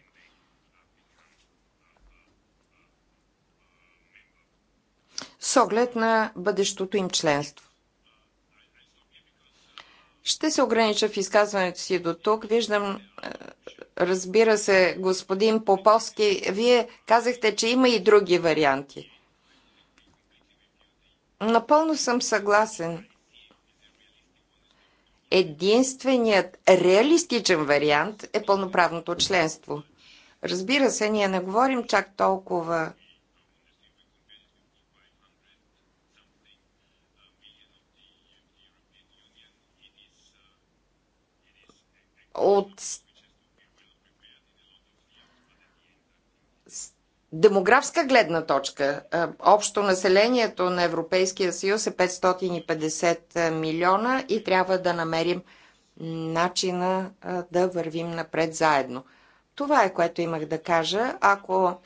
С оглед на бъдещото им членство. Ще се огранича в изказването си до тук. Виждам, е, разбира се, господин Поповски, вие казахте, че има и други варианти. Напълно съм съгласен. Единственият реалистичен вариант е пълноправното членство. Разбира се, ние не говорим чак толкова от демографска гледна точка, общо населението на Европейския съюз е 550 милиона и трябва да намерим начина да вървим напред заедно. Това е което имах да кажа. Ако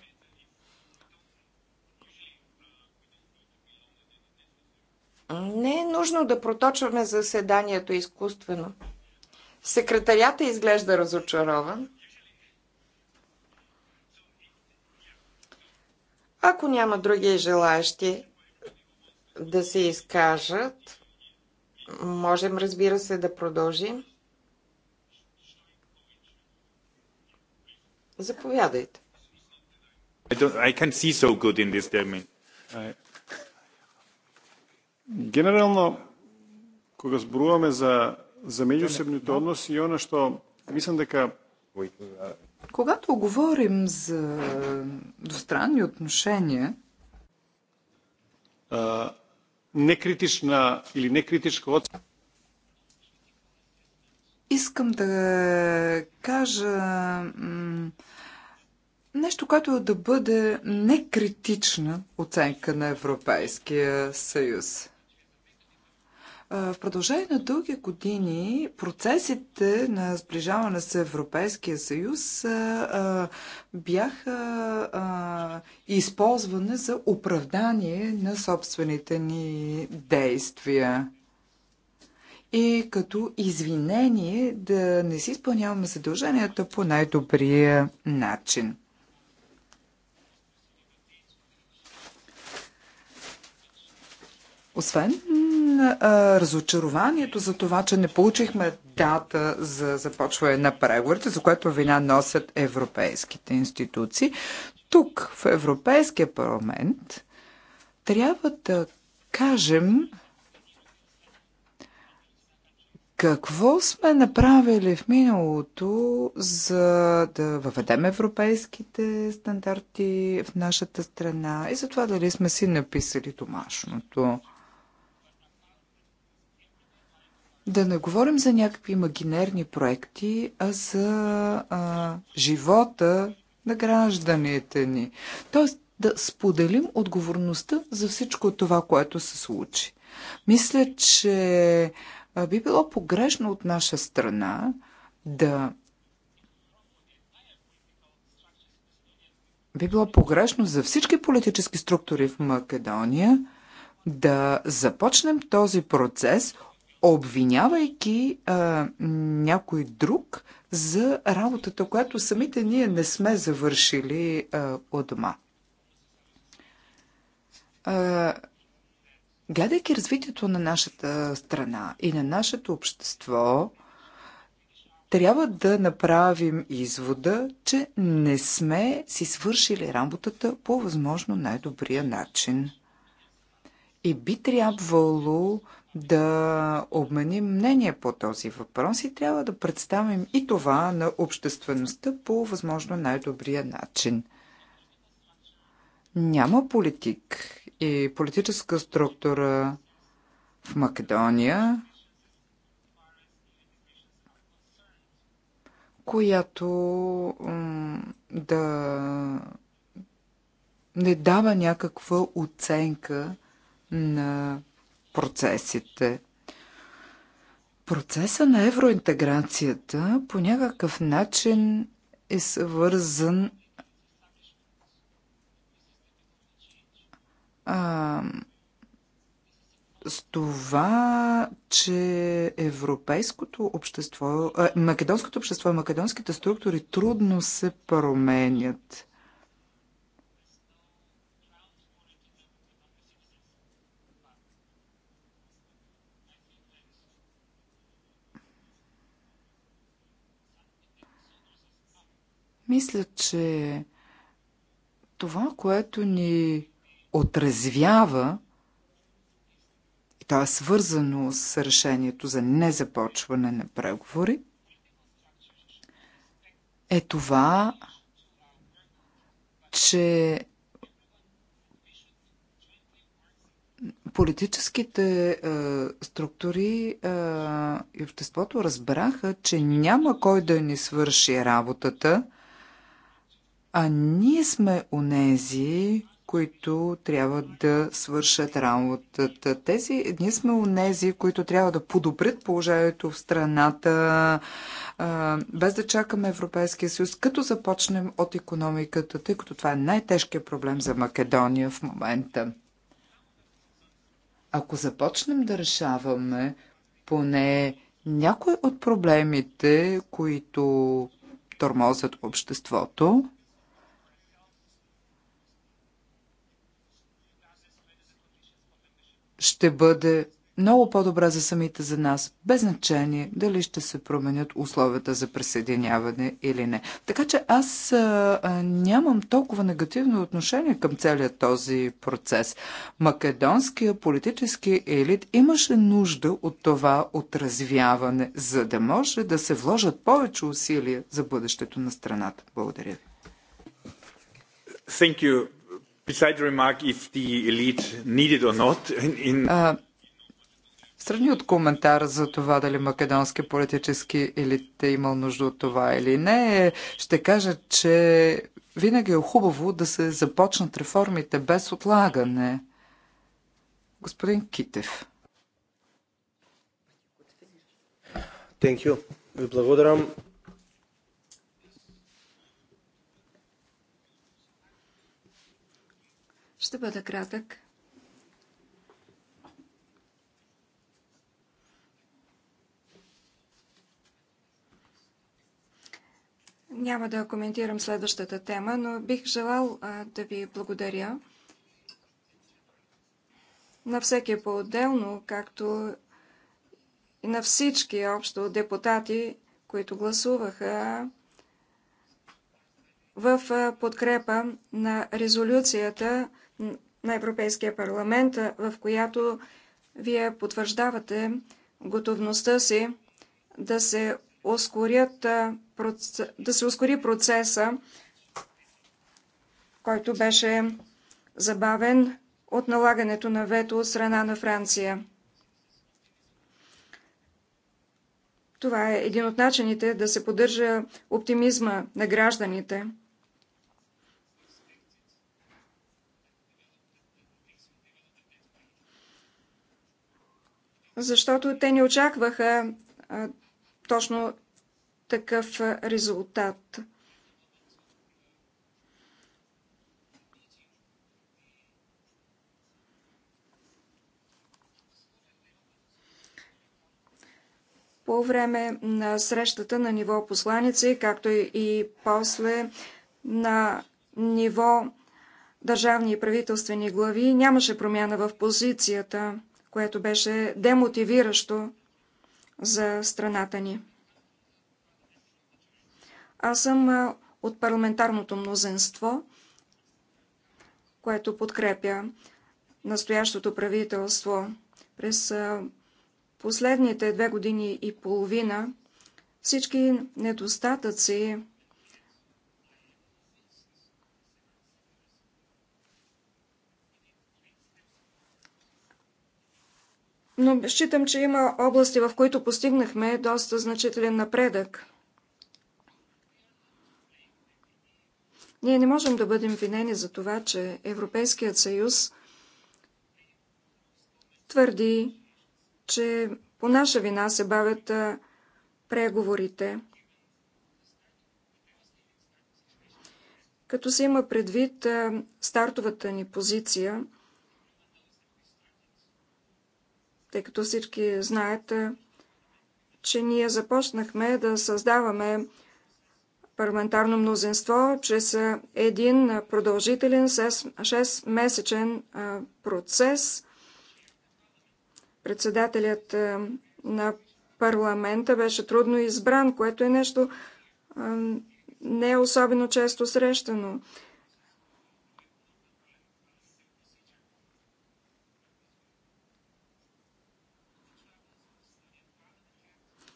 не е нужно да проточваме заседанието изкуствено. Секретарята изглежда разочарован. Ако няма други желаящи да се изкажат, можем, разбира се, да продължим. Заповядайте. I, don't, I can see so good in this termin. Е, Генерално, кога зборуваме за, за меѓусебните односи и оно што мислам дека когато говорим за двустранни отношения, некритична или некритичка оценка. Искам да кажа нещо, което е да бъде некритична оценка на Европейския съюз. В продължение на дълги години процесите на сближаване с Европейския съюз бяха използвани за оправдание на собствените ни действия и като извинение да не си изпълняваме задълженията по най-добрия начин. Освен а, разочарованието за това, че не получихме дата за започване на преговорите, за което вина носят европейските институции, тук в Европейския парламент трябва да кажем какво сме направили в миналото, за да въведем европейските стандарти в нашата страна и за това дали сме си написали домашното. Да не говорим за някакви магинерни проекти, а за а, живота на гражданите ни. Тоест да споделим отговорността за всичко това, което се случи. Мисля, че би било погрешно от наша страна да би било погрешно за всички политически структури в Македония да започнем този процес обвинявайки а, някой друг за работата, която самите ние не сме завършили а, от дома. А, гледайки развитието на нашата страна и на нашето общество, трябва да направим извода, че не сме си свършили работата по възможно най-добрия начин. И би трябвало да обменим мнение по този въпрос и трябва да представим и това на обществеността по възможно най-добрия начин. Няма политик и политическа структура в Македония, която да не дава някаква оценка на процесите. Процеса на евроинтеграцията по някакъв начин е свързан а, с това, че европейското общество, а, македонското общество и македонските структури трудно се променят. Мисля, че това, което ни отразвява, и то е свързано с решението за незапочване на преговори, е това, че политическите е, структури е, и обществото разбраха, че няма кой да ни свърши работата, а ние сме онези, които трябва да свършат работата. Тези, ние сме онези, които трябва да подобрят положението в страната, без да чакаме Европейския съюз, като започнем от економиката, тъй като това е най-тежкият проблем за Македония в момента. Ако започнем да решаваме поне някои от проблемите, които тормозят обществото, ще бъде много по-добра за самите за нас, без значение дали ще се променят условията за присъединяване или не. Така че аз а, нямам толкова негативно отношение към целият този процес. Македонския политически елит имаше нужда от това отразвяване, за да може да се вложат повече усилия за бъдещето на страната. Благодаря ви. Thank you. Страни от коментар за това дали македонски политически елит е имал нужда от това или не, ще кажа, че винаги е хубаво да се започнат реформите без отлагане. Господин Китев. Thank you. Ви благодарам. Ще бъда кратък. Няма да коментирам следващата тема, но бих желал да ви благодаря на всеки по-отделно, както и на всички общо депутати, които гласуваха в подкрепа на резолюцията на Европейския парламент, в която вие потвърждавате готовността си да се, ускорят, да се ускори процеса, който беше забавен от налагането на вето от страна на Франция. Това е един от начините да се поддържа оптимизма на гражданите – защото те не очакваха а, точно такъв резултат. По време на срещата на ниво посланици, както и после на ниво държавни и правителствени глави, нямаше промяна в позицията – което беше демотивиращо за страната ни. Аз съм от парламентарното мнозинство, което подкрепя настоящото правителство. През последните две години и половина всички недостатъци но считам, че има области, в които постигнахме доста значителен напредък. Ние не можем да бъдем винени за това, че Европейският съюз твърди, че по наша вина се бавят преговорите. Като се има предвид стартовата ни позиция, тъй като всички знаят, че ние започнахме да създаваме парламентарно мнозинство чрез един продължителен 6-месечен процес. Председателят на парламента беше трудно избран, което е нещо не е особено често срещано.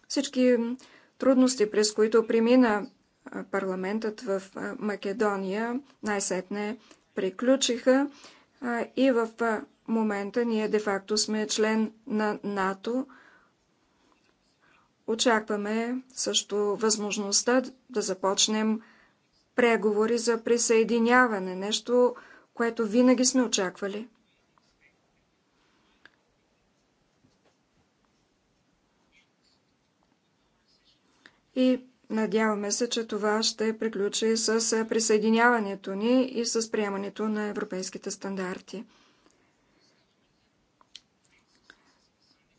Всички трудности, през които премина парламентът в Македония, най-сетне приключиха и в момента ние де-факто сме член на НАТО. Очакваме също възможността да започнем преговори за присъединяване, нещо, което винаги сме очаквали. и надяваме се, че това ще приключи с е, присъединяването ни и с приемането на европейските стандарти.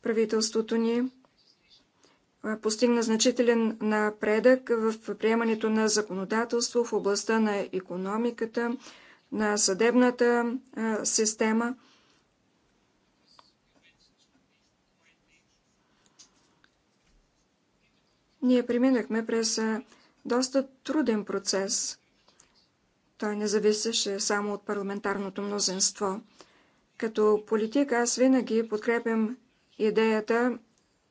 Правителството ни е, постигна значителен напредък в приемането на законодателство в областта на економиката, на съдебната е, система – Ние преминахме през доста труден процес. Той не зависеше само от парламентарното мнозинство. Като политик аз винаги подкрепям идеята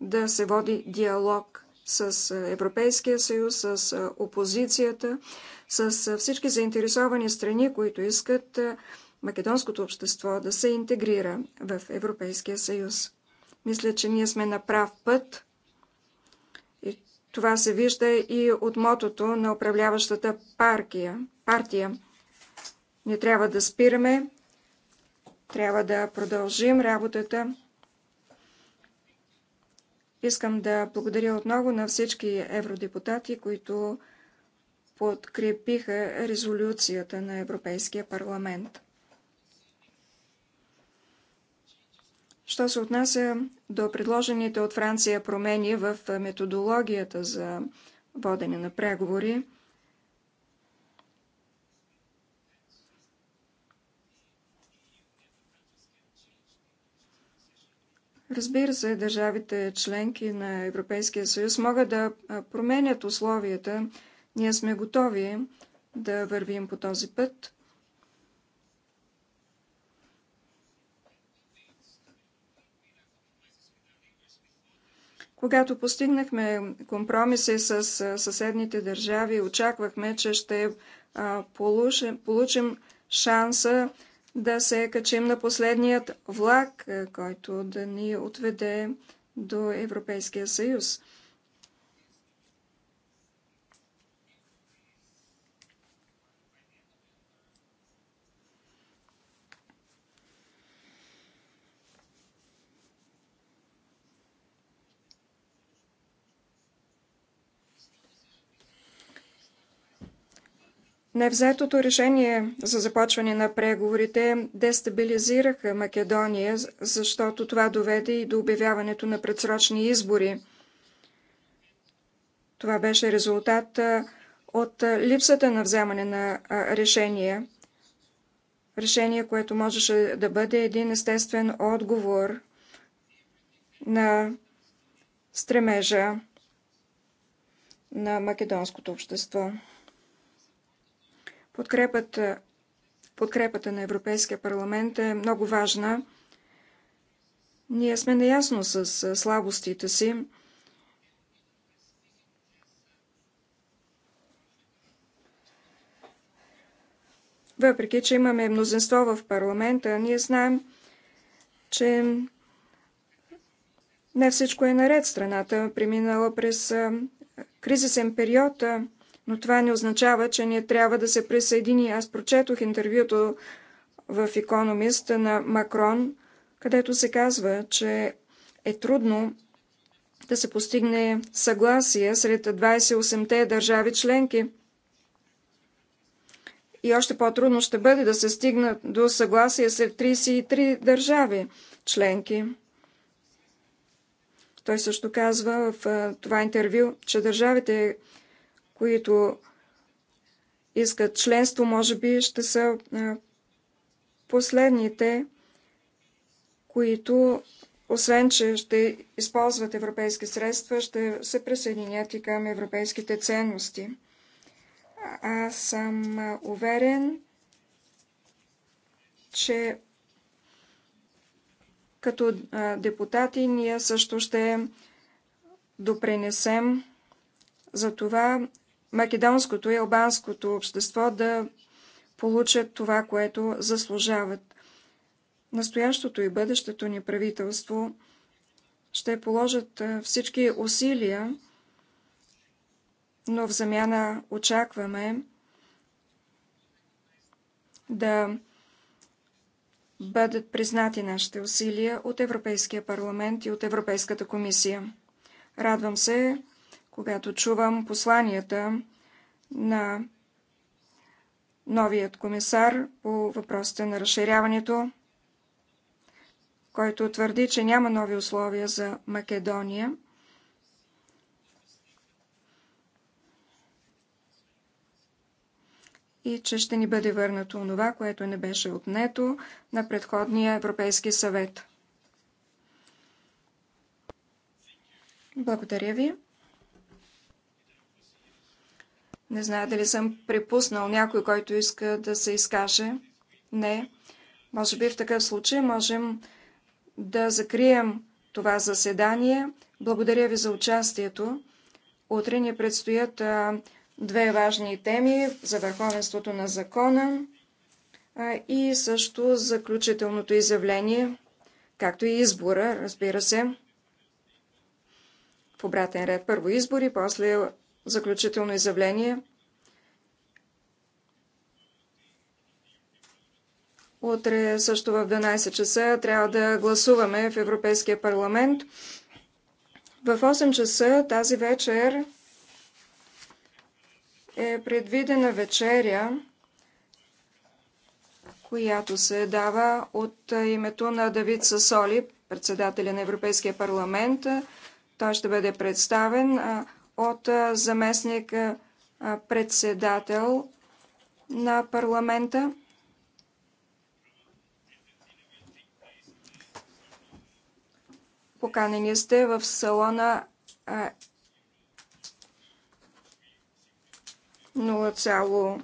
да се води диалог с Европейския съюз, с опозицията, с всички заинтересовани страни, които искат македонското общество да се интегрира в Европейския съюз. Мисля, че ние сме на прав път. Това се вижда и от мотото на управляващата партия. партия. Не трябва да спираме, трябва да продължим работата. Искам да благодаря отново на всички евродепутати, които подкрепиха резолюцията на Европейския парламент. Що се отнася до предложените от Франция промени в методологията за водене на преговори, Разбира се, държавите членки на Европейския съюз могат да променят условията. Ние сме готови да вървим по този път. Когато постигнахме компромиси с съседните държави, очаквахме, че ще получим шанса да се качим на последният влак, който да ни отведе до Европейския съюз. Невзетото решение за започване на преговорите дестабилизираха Македония, защото това доведе и до обявяването на предсрочни избори. Това беше резултат от липсата на вземане на решение. Решение, което можеше да бъде един естествен отговор на стремежа на македонското общество. Подкрепата, подкрепата на Европейския парламент е много важна. Ние сме наясно с слабостите си. Въпреки, че имаме мнозинство в парламента, ние знаем, че не всичко е наред. Страната преминала през кризисен период но това не означава, че ние трябва да се присъедини. Аз прочетох интервюто в Economist на Макрон, където се казва, че е трудно да се постигне съгласие сред 28-те държави членки. И още по-трудно ще бъде да се стигна до съгласие сред 33 държави членки. Той също казва в това интервю, че държавите които искат членство, може би ще са последните, които, освен че ще използват европейски средства, ще се присъединят и към европейските ценности. Аз съм уверен, че като депутати ние също ще допренесем за това македонското и албанското общество да получат това, което заслужават. Настоящото и бъдещето ни правителство ще положат всички усилия, но в замяна очакваме да бъдат признати нашите усилия от Европейския парламент и от Европейската комисия. Радвам се, когато чувам посланията на новият комисар по въпросите на разширяването, който твърди, че няма нови условия за Македония. и че ще ни бъде върнато онова, което не беше отнето на предходния Европейски съвет. Благодаря ви. Не зная дали съм препуснал някой, който иска да се изкаже. Не. Може би в такъв случай можем да закрием това заседание. Благодаря ви за участието. Утре ни предстоят две важни теми за върховенството на закона и също заключителното изявление, както и избора, разбира се. В обратен ред първо избори, после заключително изявление. Утре също в 12 часа трябва да гласуваме в Европейския парламент. В 8 часа тази вечер е предвидена вечеря, която се дава от името на Давид Сасоли, председателя на Европейския парламент. Той ще бъде представен от заместник председател на парламента. Поканени сте в салона 0.2,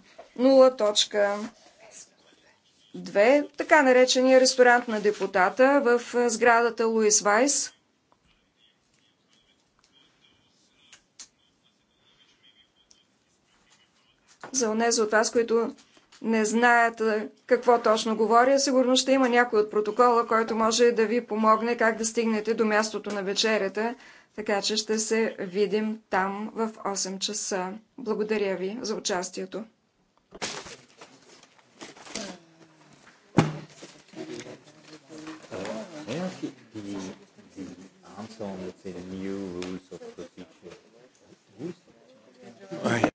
така наречения ресторант на депутата в сградата Луис Вайс. За онези от вас, които не знаят какво точно говоря, сигурно ще има някой от протокола, който може да ви помогне как да стигнете до мястото на вечерята, така че ще се видим там в 8 часа. Благодаря ви за участието. answer on, the new rules of procedure.